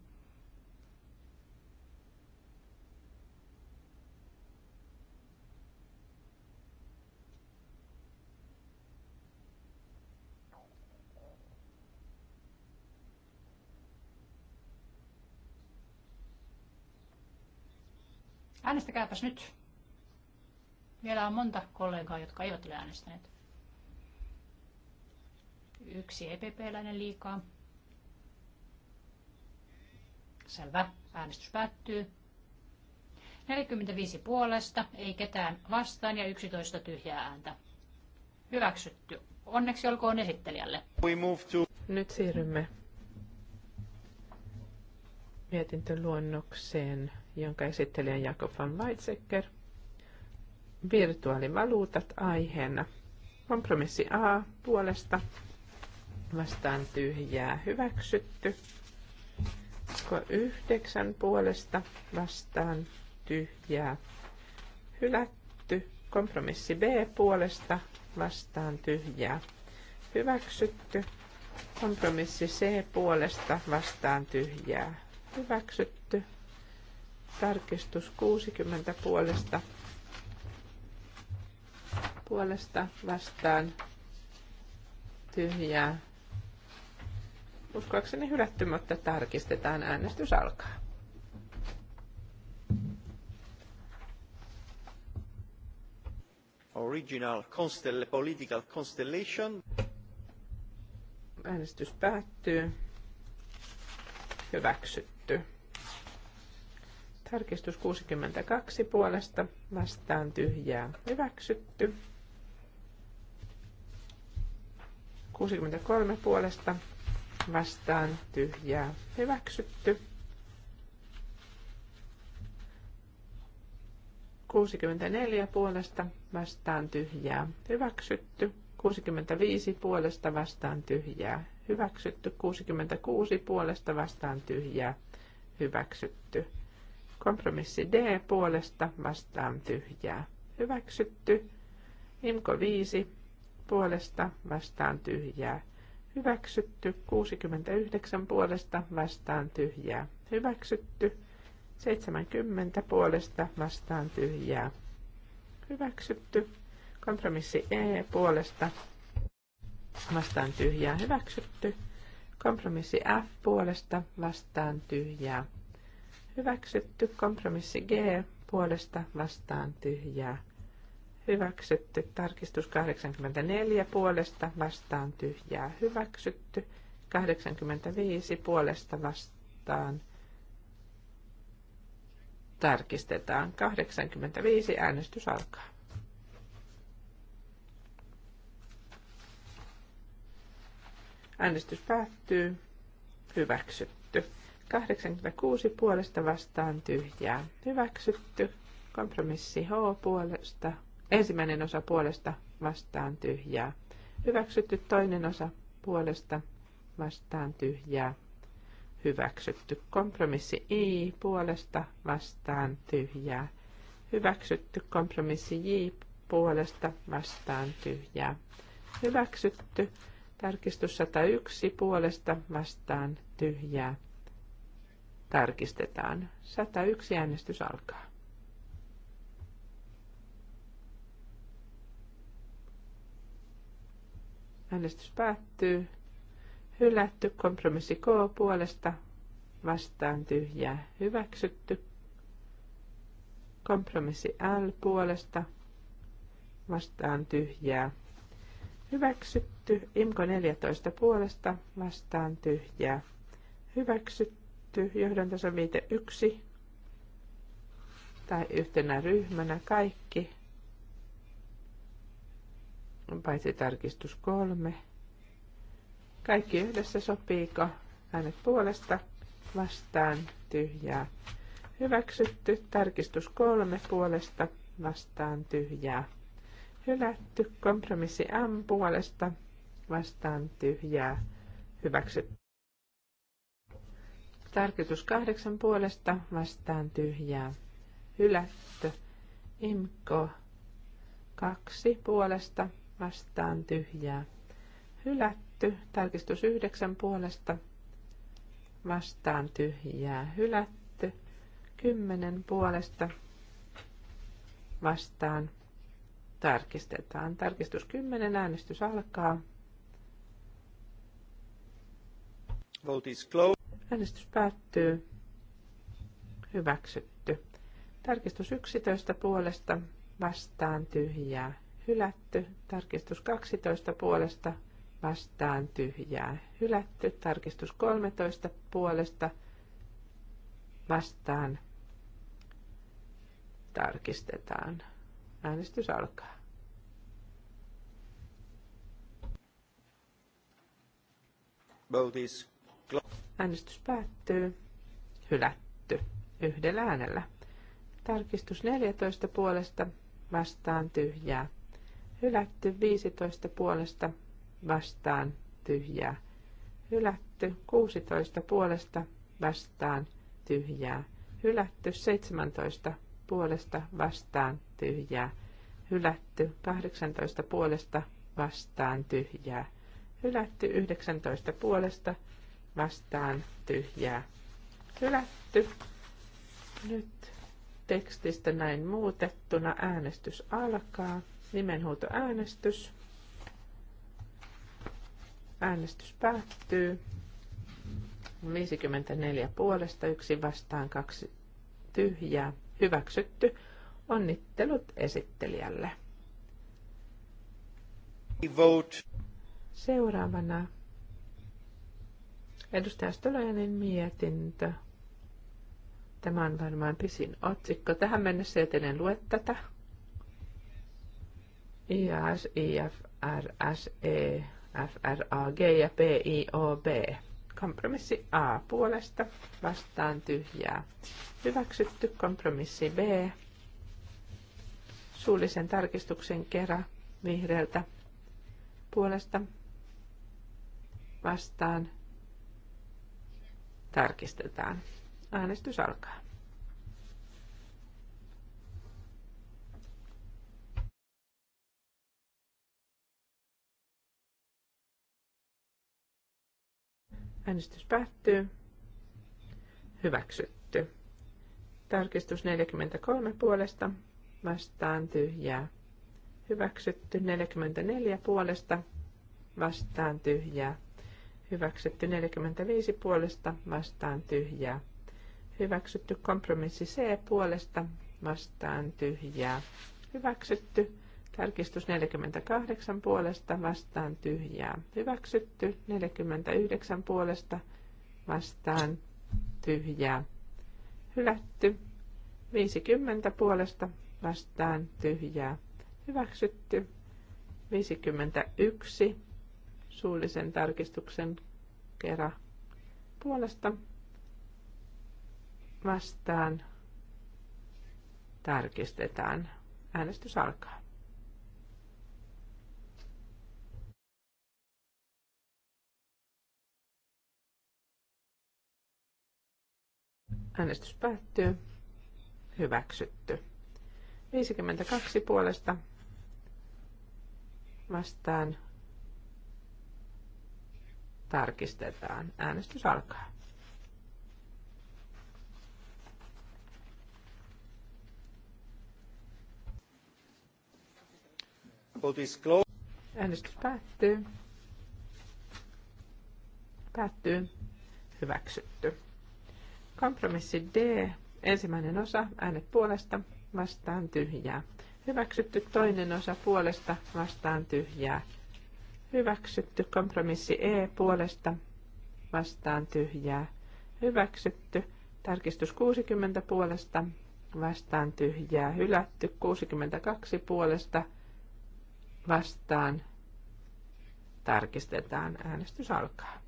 S2: Äänestäkääpäs nyt. Vielä on monta kollegaa, jotka eivät ole äänestäneet. Yksi EPP-läinen liikaa. Selvä. Äänestys päättyy. 45 puolesta, ei ketään vastaan ja 11 tyhjää ääntä. Hyväksytty. Onneksi olkoon esittelijälle.
S4: To... Nyt siirrymme mietintöluonnokseen. luonnokseen jonka esittelee Jakob van Weizsäcker. Virtuaalivaluutat aiheena. Kompromissi A puolesta vastaan tyhjää hyväksytty. k 9 puolesta vastaan tyhjää hylätty. Kompromissi B puolesta vastaan tyhjää hyväksytty. Kompromissi C puolesta vastaan tyhjää hyväksytty Tarkistus 60 puolesta. Puolesta vastaan tyhjää. Uskoakseni hylätty, mutta tarkistetaan. Äänestys alkaa.
S1: Original constell- political constellation.
S4: Äänestys päättyy. Hyväksytty. Tarkistus 62 puolesta vastaan tyhjää hyväksytty. 63 puolesta vastaan tyhjää hyväksytty. 64 puolesta vastaan tyhjää hyväksytty. 65 puolesta vastaan tyhjää hyväksytty. 66 puolesta vastaan tyhjää hyväksytty. Kompromissi D puolesta vastaan tyhjää. Hyväksytty. Imko 5 puolesta vastaan tyhjää. Hyväksytty. 69 puolesta vastaan tyhjää. Hyväksytty. 70 puolesta vastaan tyhjää. Hyväksytty. Kompromissi E puolesta vastaan tyhjää. Hyväksytty. Kompromissi F puolesta vastaan tyhjää Hyväksytty kompromissi G puolesta vastaan tyhjää. Hyväksytty tarkistus 84 puolesta vastaan tyhjää. Hyväksytty 85 puolesta vastaan tarkistetaan. 85 äänestys alkaa. Äänestys päättyy. Hyväksytty. 86 puolesta vastaan tyhjää. Hyväksytty. Kompromissi H puolesta. Ensimmäinen osa puolesta vastaan tyhjää. Hyväksytty toinen osa puolesta vastaan tyhjää. Hyväksytty. Kompromissi I puolesta vastaan tyhjää. Hyväksytty. Kompromissi J puolesta vastaan tyhjää. Hyväksytty. Tarkistus 101 puolesta vastaan tyhjää tarkistetaan. 101 äänestys alkaa. Äänestys päättyy. Hylätty kompromissi K puolesta. Vastaan tyhjää. Hyväksytty. Kompromissi L puolesta. Vastaan tyhjää. Hyväksytty. Imko 14 puolesta. Vastaan tyhjää. Hyväksytty Johdon johdantaso viite yksi tai yhtenä ryhmänä kaikki, paitsi tarkistus kolme. Kaikki yhdessä sopiiko? Äänet puolesta vastaan tyhjää. Hyväksytty tarkistus kolme puolesta vastaan tyhjää. Hylätty kompromissi M puolesta vastaan tyhjää. Hyväksytty. Tarkistus kahdeksan puolesta vastaan tyhjää. Hylätty. Imko kaksi puolesta vastaan tyhjää. Hylätty. Tarkistus yhdeksän puolesta vastaan tyhjää. Hylätty. Kymmenen puolesta vastaan tarkistetaan. Tarkistus kymmenen äänestys alkaa.
S1: Vote is closed.
S4: Äänestys päättyy. Hyväksytty. Tarkistus 11 puolesta vastaan tyhjää. Hylätty. Tarkistus 12 puolesta vastaan tyhjää. Hylätty. Tarkistus 13 puolesta vastaan tarkistetaan. Äänestys alkaa.
S1: Both these
S4: Äänestys päättyy. Hylätty. Yhdellä äänellä. Tarkistus 14 puolesta vastaan tyhjää. Hylätty 15 puolesta vastaan tyhjää. Hylätty 16 puolesta vastaan tyhjää. Hylätty 17 puolesta vastaan tyhjää. Hylätty 18 puolesta vastaan tyhjää. Hylätty 19 puolesta vastaan tyhjää hylätty. Nyt tekstistä näin muutettuna äänestys alkaa. Nimenhuutoäänestys. Äänestys päättyy. 54 puolesta, yksi vastaan, kaksi tyhjää. Hyväksytty. Onnittelut esittelijälle. Vote. Seuraavana Edustaja Stolajanin mietintö. Tämä on varmaan pisin otsikko. Tähän mennessä joten en lue tätä. IAS, IFRS, E, FRAG ja PIOB. Kompromissi A puolesta vastaan tyhjää. Hyväksytty kompromissi B. Suullisen tarkistuksen kerran vihreältä puolesta vastaan tarkistetaan. Äänestys alkaa. Äänestys päättyy. Hyväksytty. Tarkistus 43 puolesta vastaan tyhjää. Hyväksytty 44 puolesta vastaan tyhjää. Hyväksytty 45 puolesta vastaan tyhjää. Hyväksytty kompromissi C puolesta vastaan tyhjää. Hyväksytty tarkistus 48 puolesta vastaan tyhjää. Hyväksytty 49 puolesta vastaan tyhjää. Hylätty 50 puolesta vastaan tyhjää. Hyväksytty 51 suullisen tarkistuksen kerran puolesta vastaan tarkistetaan. Äänestys alkaa. Äänestys päättyy. Hyväksytty. 52 puolesta vastaan tarkistetaan. Äänestys alkaa. Äänestys päättyy. Päättyy. Hyväksytty. Kompromissi D. Ensimmäinen osa. Äänet puolesta. Vastaan tyhjää. Hyväksytty toinen osa puolesta vastaan tyhjää. Hyväksytty kompromissi E puolesta vastaan tyhjää. Hyväksytty tarkistus 60 puolesta vastaan tyhjää. Hylätty 62 puolesta vastaan. Tarkistetaan. Äänestys alkaa.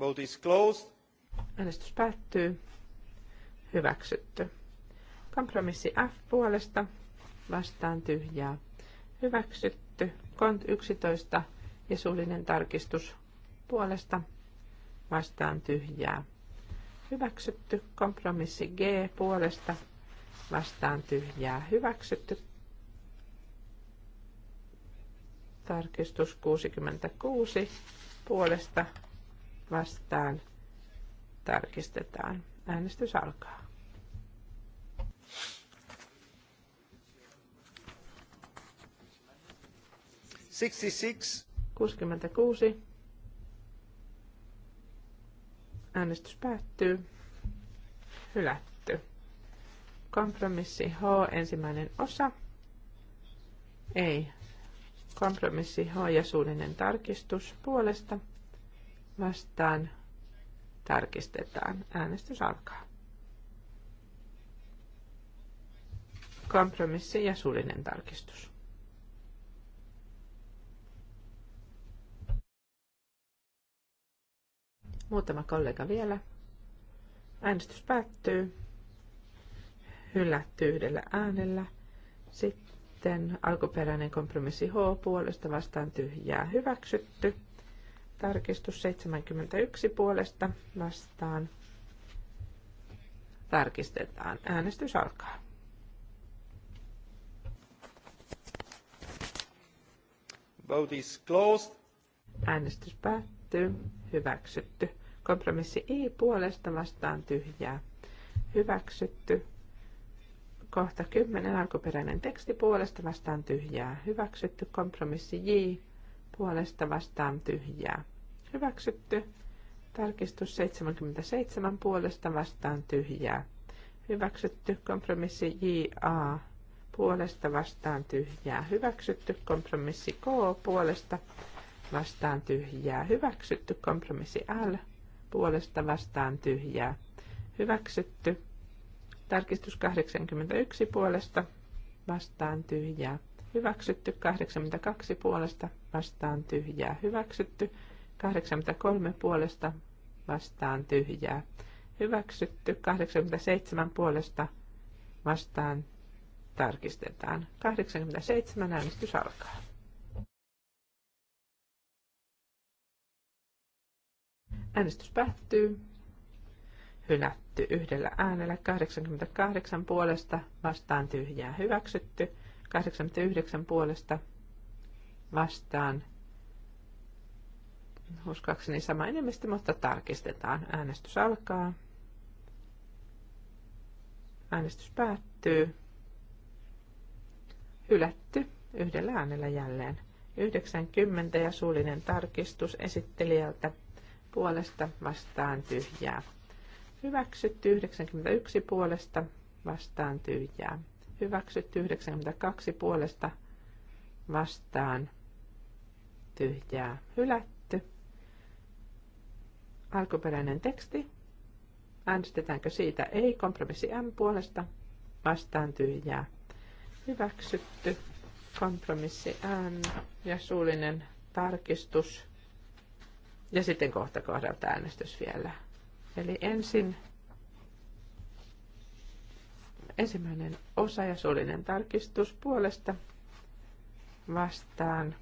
S1: Vote is closed.
S4: Äänestys päättyy. Hyväksytty. Kompromissi F puolesta vastaan tyhjää. Hyväksytty. Kont 11 ja suullinen tarkistus puolesta vastaan tyhjää. Hyväksytty. Kompromissi G puolesta vastaan tyhjää. Hyväksytty. Tarkistus 66 puolesta vastaan tarkistetaan. Äänestys alkaa. 66. 66. Äänestys päättyy. Hylätty. Kompromissi H, ensimmäinen osa. Ei. Kompromissi H ja suullinen tarkistus puolesta. Vastaan tarkistetaan. Äänestys alkaa. Kompromissi ja suullinen tarkistus. Muutama kollega vielä. Äänestys päättyy. Hylätty yhdellä äänellä. Sitten alkuperäinen kompromissi H puolesta vastaan tyhjää hyväksytty. Tarkistus 71 puolesta vastaan. Tarkistetaan. Äänestys alkaa. Vote is closed. Äänestys päättyy. Hyväksytty. Kompromissi I puolesta vastaan tyhjää. Hyväksytty. Kohta 10 alkuperäinen teksti puolesta vastaan tyhjää. Hyväksytty. Kompromissi J puolesta vastaan tyhjää. Hyväksytty. Tarkistus 77 puolesta vastaan tyhjää. Hyväksytty. Kompromissi JA puolesta vastaan tyhjää. Hyväksytty. Kompromissi K puolesta vastaan tyhjää. Hyväksytty. Kompromissi L puolesta vastaan tyhjää. Hyväksytty. Tarkistus 81 puolesta vastaan tyhjää. Hyväksytty 82 puolesta vastaan tyhjää. Hyväksytty 83 puolesta vastaan tyhjää. Hyväksytty 87 puolesta vastaan tarkistetaan. 87 äänestys alkaa. Äänestys päättyy. Hylätty yhdellä äänellä 88 puolesta vastaan tyhjää hyväksytty. 89 puolesta vastaan uskoakseni sama enemmistö, mutta tarkistetaan. Äänestys alkaa. Äänestys päättyy. Hylätty yhdellä äänellä jälleen. 90 ja suullinen tarkistus esittelijältä puolesta vastaan tyhjää. Hyväksytty 91 puolesta vastaan tyhjää. Hyväksytty 92 puolesta vastaan tyhjää. Hylätty. Alkuperäinen teksti. Äänestetäänkö siitä? Ei. Kompromissi M puolesta vastaan tyhjää. Hyväksytty. Kompromissi N ja suullinen tarkistus ja sitten kohta kohdalta äänestys vielä. Eli ensin ensimmäinen osa ja suullinen tarkistus puolesta vastaan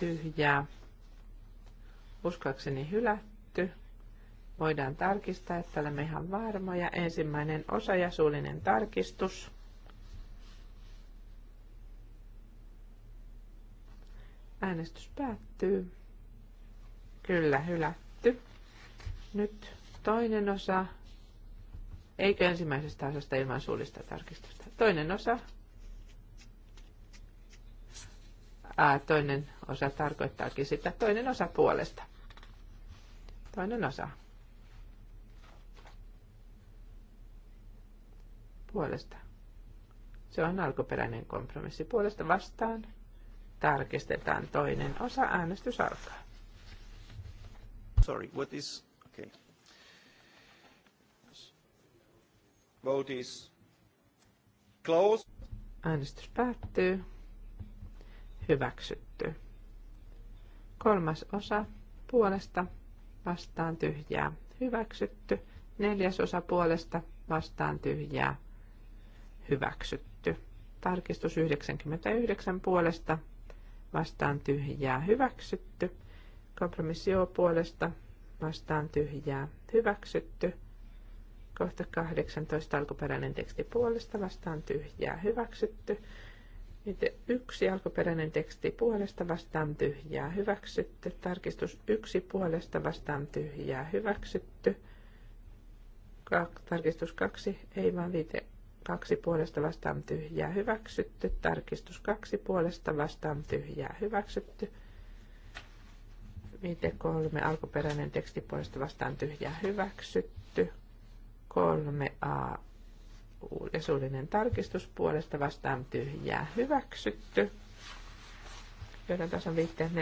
S4: tyhjää. Uskoakseni hylätty. Voidaan tarkistaa, että olemme ihan varmoja. Ensimmäinen osa ja suullinen tarkistus. Äänestys päättyy. Kyllä, hylätty. Nyt toinen osa. Eikö ensimmäisestä osasta ilman suullista tarkistusta? Toinen osa. Ää, toinen osa tarkoittaakin sitä. Toinen osa puolesta. Toinen osa. Puolesta. Se on alkuperäinen kompromissi. Puolesta vastaan tarkistetaan toinen osa. Äänestys alkaa.
S1: Sorry, what is... Okay. Vote is closed.
S4: Äänestys päättyy. Hyväksytty. Kolmas osa puolesta vastaan tyhjää. Hyväksytty. Neljäs osa puolesta vastaan tyhjää. Hyväksytty. Tarkistus 99 puolesta vastaan tyhjää. Hyväksytty. Kompromissio puolesta vastaan tyhjää. Hyväksytty. Kohta 18 alkuperäinen teksti puolesta vastaan tyhjää. Hyväksytty. Miten yksi alkuperäinen teksti puolesta vastaan tyhjää hyväksytty. Tarkistus yksi puolesta vastaan tyhjää hyväksytty. Tarkistus kaksi, ei vaan viite kaksi puolesta vastaan tyhjää hyväksytty. Tarkistus kaksi puolesta vastaan tyhjää hyväksytty. Viite kolme alkuperäinen teksti puolesta vastaan tyhjää hyväksytty. 3a suullinen tarkistus puolesta vastaan tyhjää hyväksytty. Joiden tason viitteet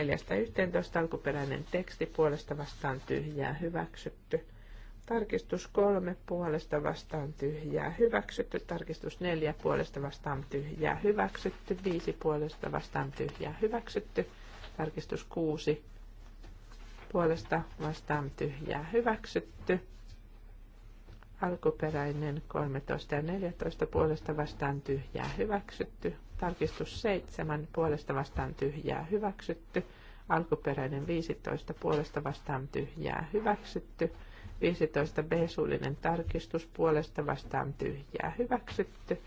S4: 4.11 alkuperäinen teksti puolesta vastaan tyhjää hyväksytty. Tarkistus 3 puolesta vastaan tyhjää hyväksytty. Tarkistus 4 puolesta vastaan tyhjää hyväksytty. 5 puolesta vastaan tyhjää hyväksytty. Tarkistus 6 puolesta vastaan tyhjää hyväksytty. Alkuperäinen 13 ja 14 puolesta vastaan tyhjää hyväksytty. Tarkistus 7 puolesta vastaan tyhjää hyväksytty. Alkuperäinen 15 puolesta vastaan tyhjää hyväksytty. 15 B-suullinen tarkistus puolesta vastaan tyhjää hyväksytty.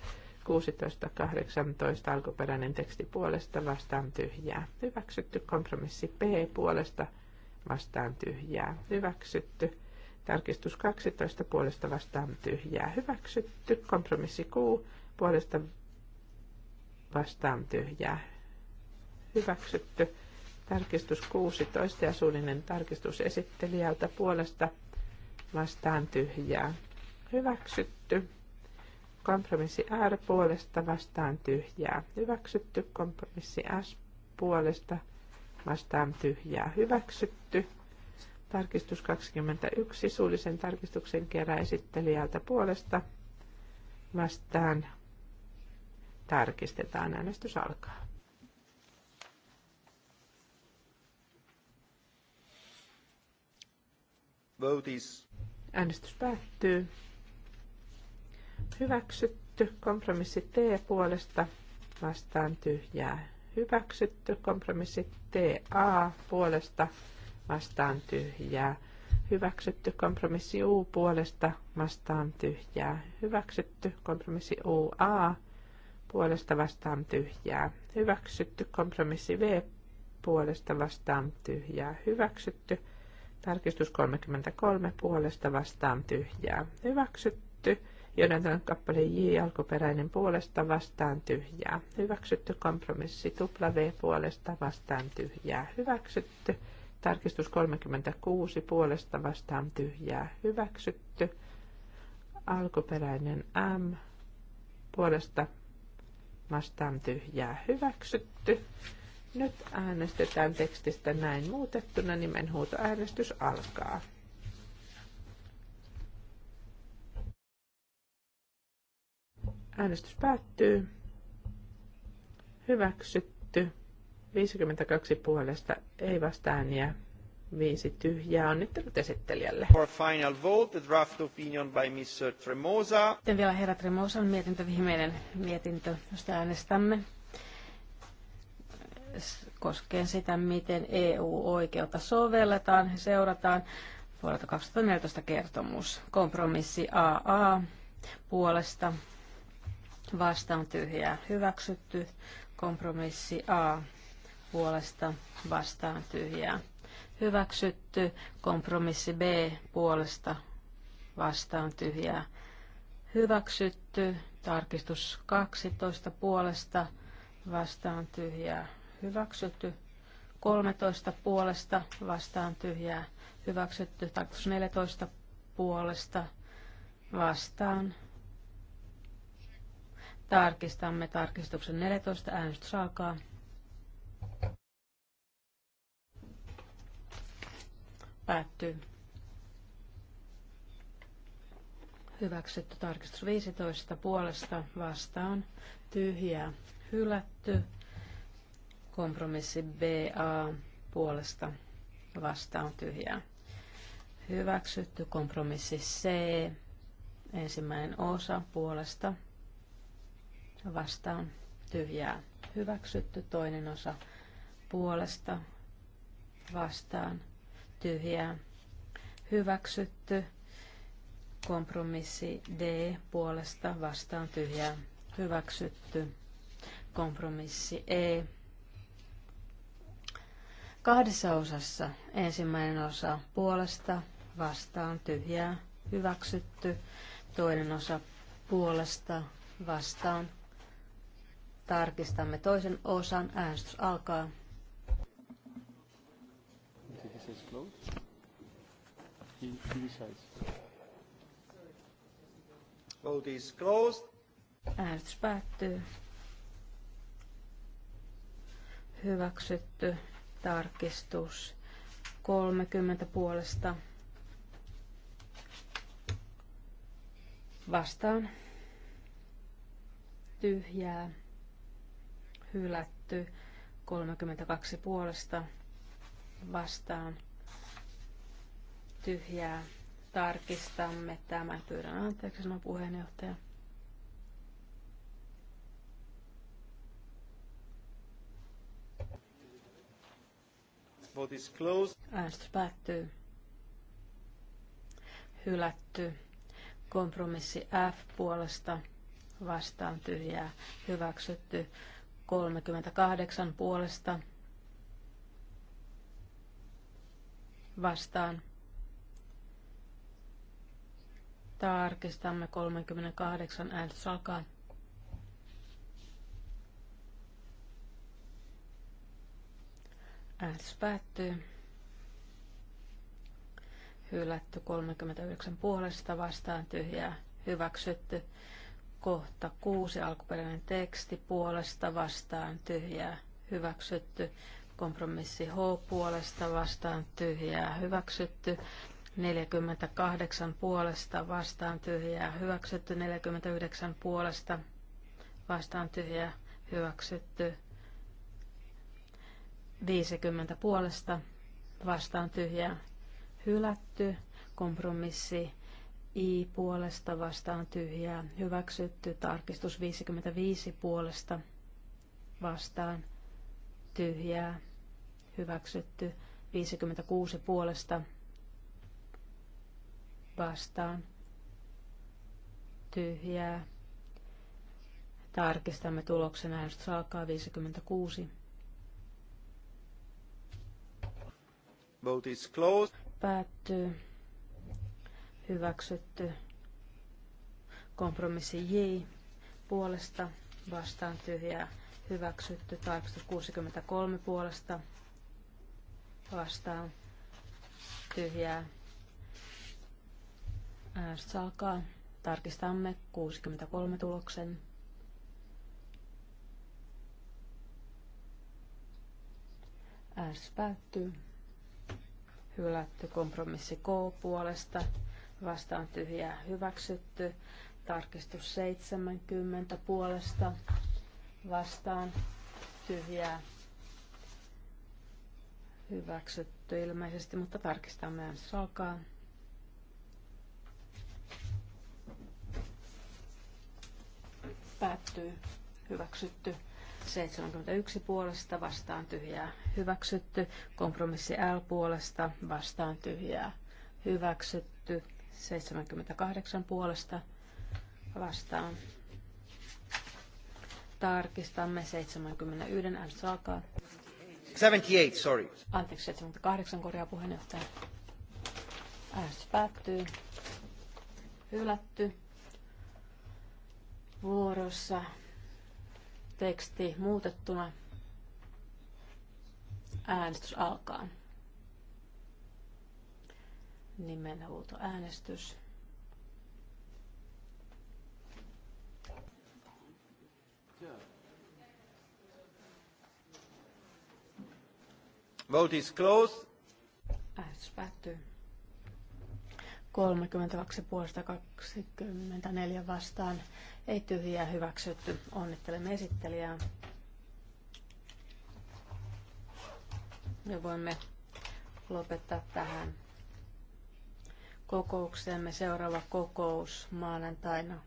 S4: 16.18 alkuperäinen teksti puolesta vastaan tyhjää. Hyväksytty kompromissi P puolesta vastaan tyhjää hyväksytty. Tarkistus 12 puolesta vastaan tyhjää hyväksytty. Kompromissi Q puolesta vastaan tyhjää hyväksytty. Tarkistus 16 ja suullinen tarkistus esittelijältä puolesta vastaan tyhjää hyväksytty. Kompromissi R puolesta vastaan tyhjää hyväksytty. Kompromissi S puolesta vastaan tyhjää hyväksytty. Tarkistus 21 suullisen tarkistuksen kerää esittelijältä puolesta vastaan tarkistetaan. Äänestys alkaa.
S1: Votis.
S4: Äänestys päättyy. Hyväksytty. Kompromissi T puolesta vastaan tyhjää hyväksytty. Kompromissi TA puolesta vastaan tyhjää. Hyväksytty kompromissi U puolesta vastaan tyhjää. Hyväksytty kompromissi UA puolesta vastaan tyhjää. Hyväksytty kompromissi V puolesta vastaan tyhjää. Hyväksytty tarkistus 33 puolesta vastaan tyhjää. Hyväksytty Jonathan kappale J alkuperäinen puolesta vastaan tyhjää. Hyväksytty kompromissi tupla v puolesta vastaan tyhjää. Hyväksytty. Tarkistus 36 puolesta vastaan tyhjää. Hyväksytty. Alkuperäinen M puolesta vastaan tyhjää. Hyväksytty. Nyt äänestetään tekstistä näin muutettuna. Nimenhuutoäänestys alkaa. Äänestys päättyy. Hyväksytty. 52 puolesta ei vastaania. Viisi tyhjää. Onnittelut esittelijälle.
S1: For final vote, the draft opinion by Mr. Tremosa.
S3: Sitten vielä herra Tremosan mietintö, viimeinen mietintö, josta äänestämme Koskee sitä, miten EU-oikeutta sovelletaan ja seurataan. Vuodelta 2014 kertomus. Kompromissi AA puolesta vastaan tyhjää hyväksytty. Kompromissi A puolesta vastaan tyhjää hyväksytty. Kompromissi B puolesta vastaan tyhjää hyväksytty. Tarkistus 12 puolesta vastaan tyhjää hyväksytty. 13 puolesta vastaan tyhjää hyväksytty. Tarkistus 14 puolesta vastaan Tarkistamme tarkistuksen 14. Äänestys Päättyy. Hyväksytty tarkistus 15 puolesta vastaan. Tyhjää hylätty. Kompromissi BA puolesta vastaan tyhjää. Hyväksytty kompromissi C ensimmäinen osa puolesta vastaan tyhjää hyväksytty, toinen osa puolesta vastaan tyhjää hyväksytty, kompromissi D puolesta vastaan tyhjää hyväksytty, kompromissi E kahdessa osassa. Ensimmäinen osa puolesta, vastaan, tyhjää, hyväksytty. Toinen osa puolesta, vastaan, Tarkistamme toisen osan. Äänestys alkaa.
S1: Vote is closed.
S3: Äänestys päättyy. Hyväksytty tarkistus 30 puolesta vastaan tyhjää hylätty, 32 puolesta vastaan tyhjää. Tarkistamme tämän. Pyydän anteeksi, sanoi puheenjohtaja. Äänestys päättyy. Hylätty. Kompromissi F puolesta vastaan tyhjää. Hyväksytty. 38 puolesta vastaan. Tarkistamme 38 äänestys alkaa. Äänestys päättyy. Hylätty 39 puolesta vastaan tyhjää. Hyväksytty Kohta kuusi alkuperäinen teksti puolesta vastaan tyhjää hyväksytty. Kompromissi H puolesta vastaan tyhjää hyväksytty. 48 puolesta vastaan tyhjää hyväksytty. 49 puolesta vastaan tyhjää hyväksytty. 50 puolesta vastaan tyhjää hylätty. Kompromissi I puolesta vastaan tyhjää hyväksytty. Tarkistus 55 puolesta vastaan tyhjää hyväksytty. 56 puolesta vastaan tyhjää. Tarkistamme tuloksen äänestys alkaa 56.
S1: Vote is closed.
S3: Päättyy hyväksytty. Kompromissi J puolesta vastaan tyhjää hyväksytty. Taakse 63 puolesta vastaan tyhjää. Äänestys alkaa. Tarkistamme 63 tuloksen. Äänestys päättyy. Hylätty kompromissi K puolesta vastaan tyhjää hyväksytty. Tarkistus 70 puolesta vastaan tyhjää hyväksytty ilmeisesti, mutta tarkistamme äänestys alkaa. Päättyy. Hyväksytty. 71 puolesta vastaan tyhjää. Hyväksytty. Kompromissi L puolesta vastaan tyhjää. Hyväksytty. 78 puolesta vastaan. Tarkistamme 71 äänestys
S1: 78, sorry.
S3: Anteeksi, 78 korjaa puheenjohtaja. Äänestys päättyy. Hylätty. Vuorossa teksti muutettuna. Äänestys alkaa. Nimenhuutoäänestys.
S1: Vote is closed.
S3: Äänestys päättyy. 32 puolesta 24 vastaan. Ei tyhjää hyväksytty. Onnittelemme esittelijää. Me voimme lopettaa tähän kokoukseemme seuraava kokous maanantaina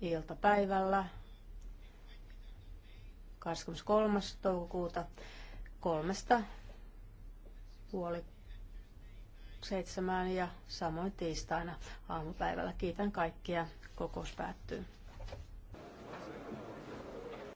S3: iltapäivällä 23. toukokuuta kolmesta puoli seitsemään ja samoin tiistaina aamupäivällä. Kiitän kaikkia. Kokous päättyy.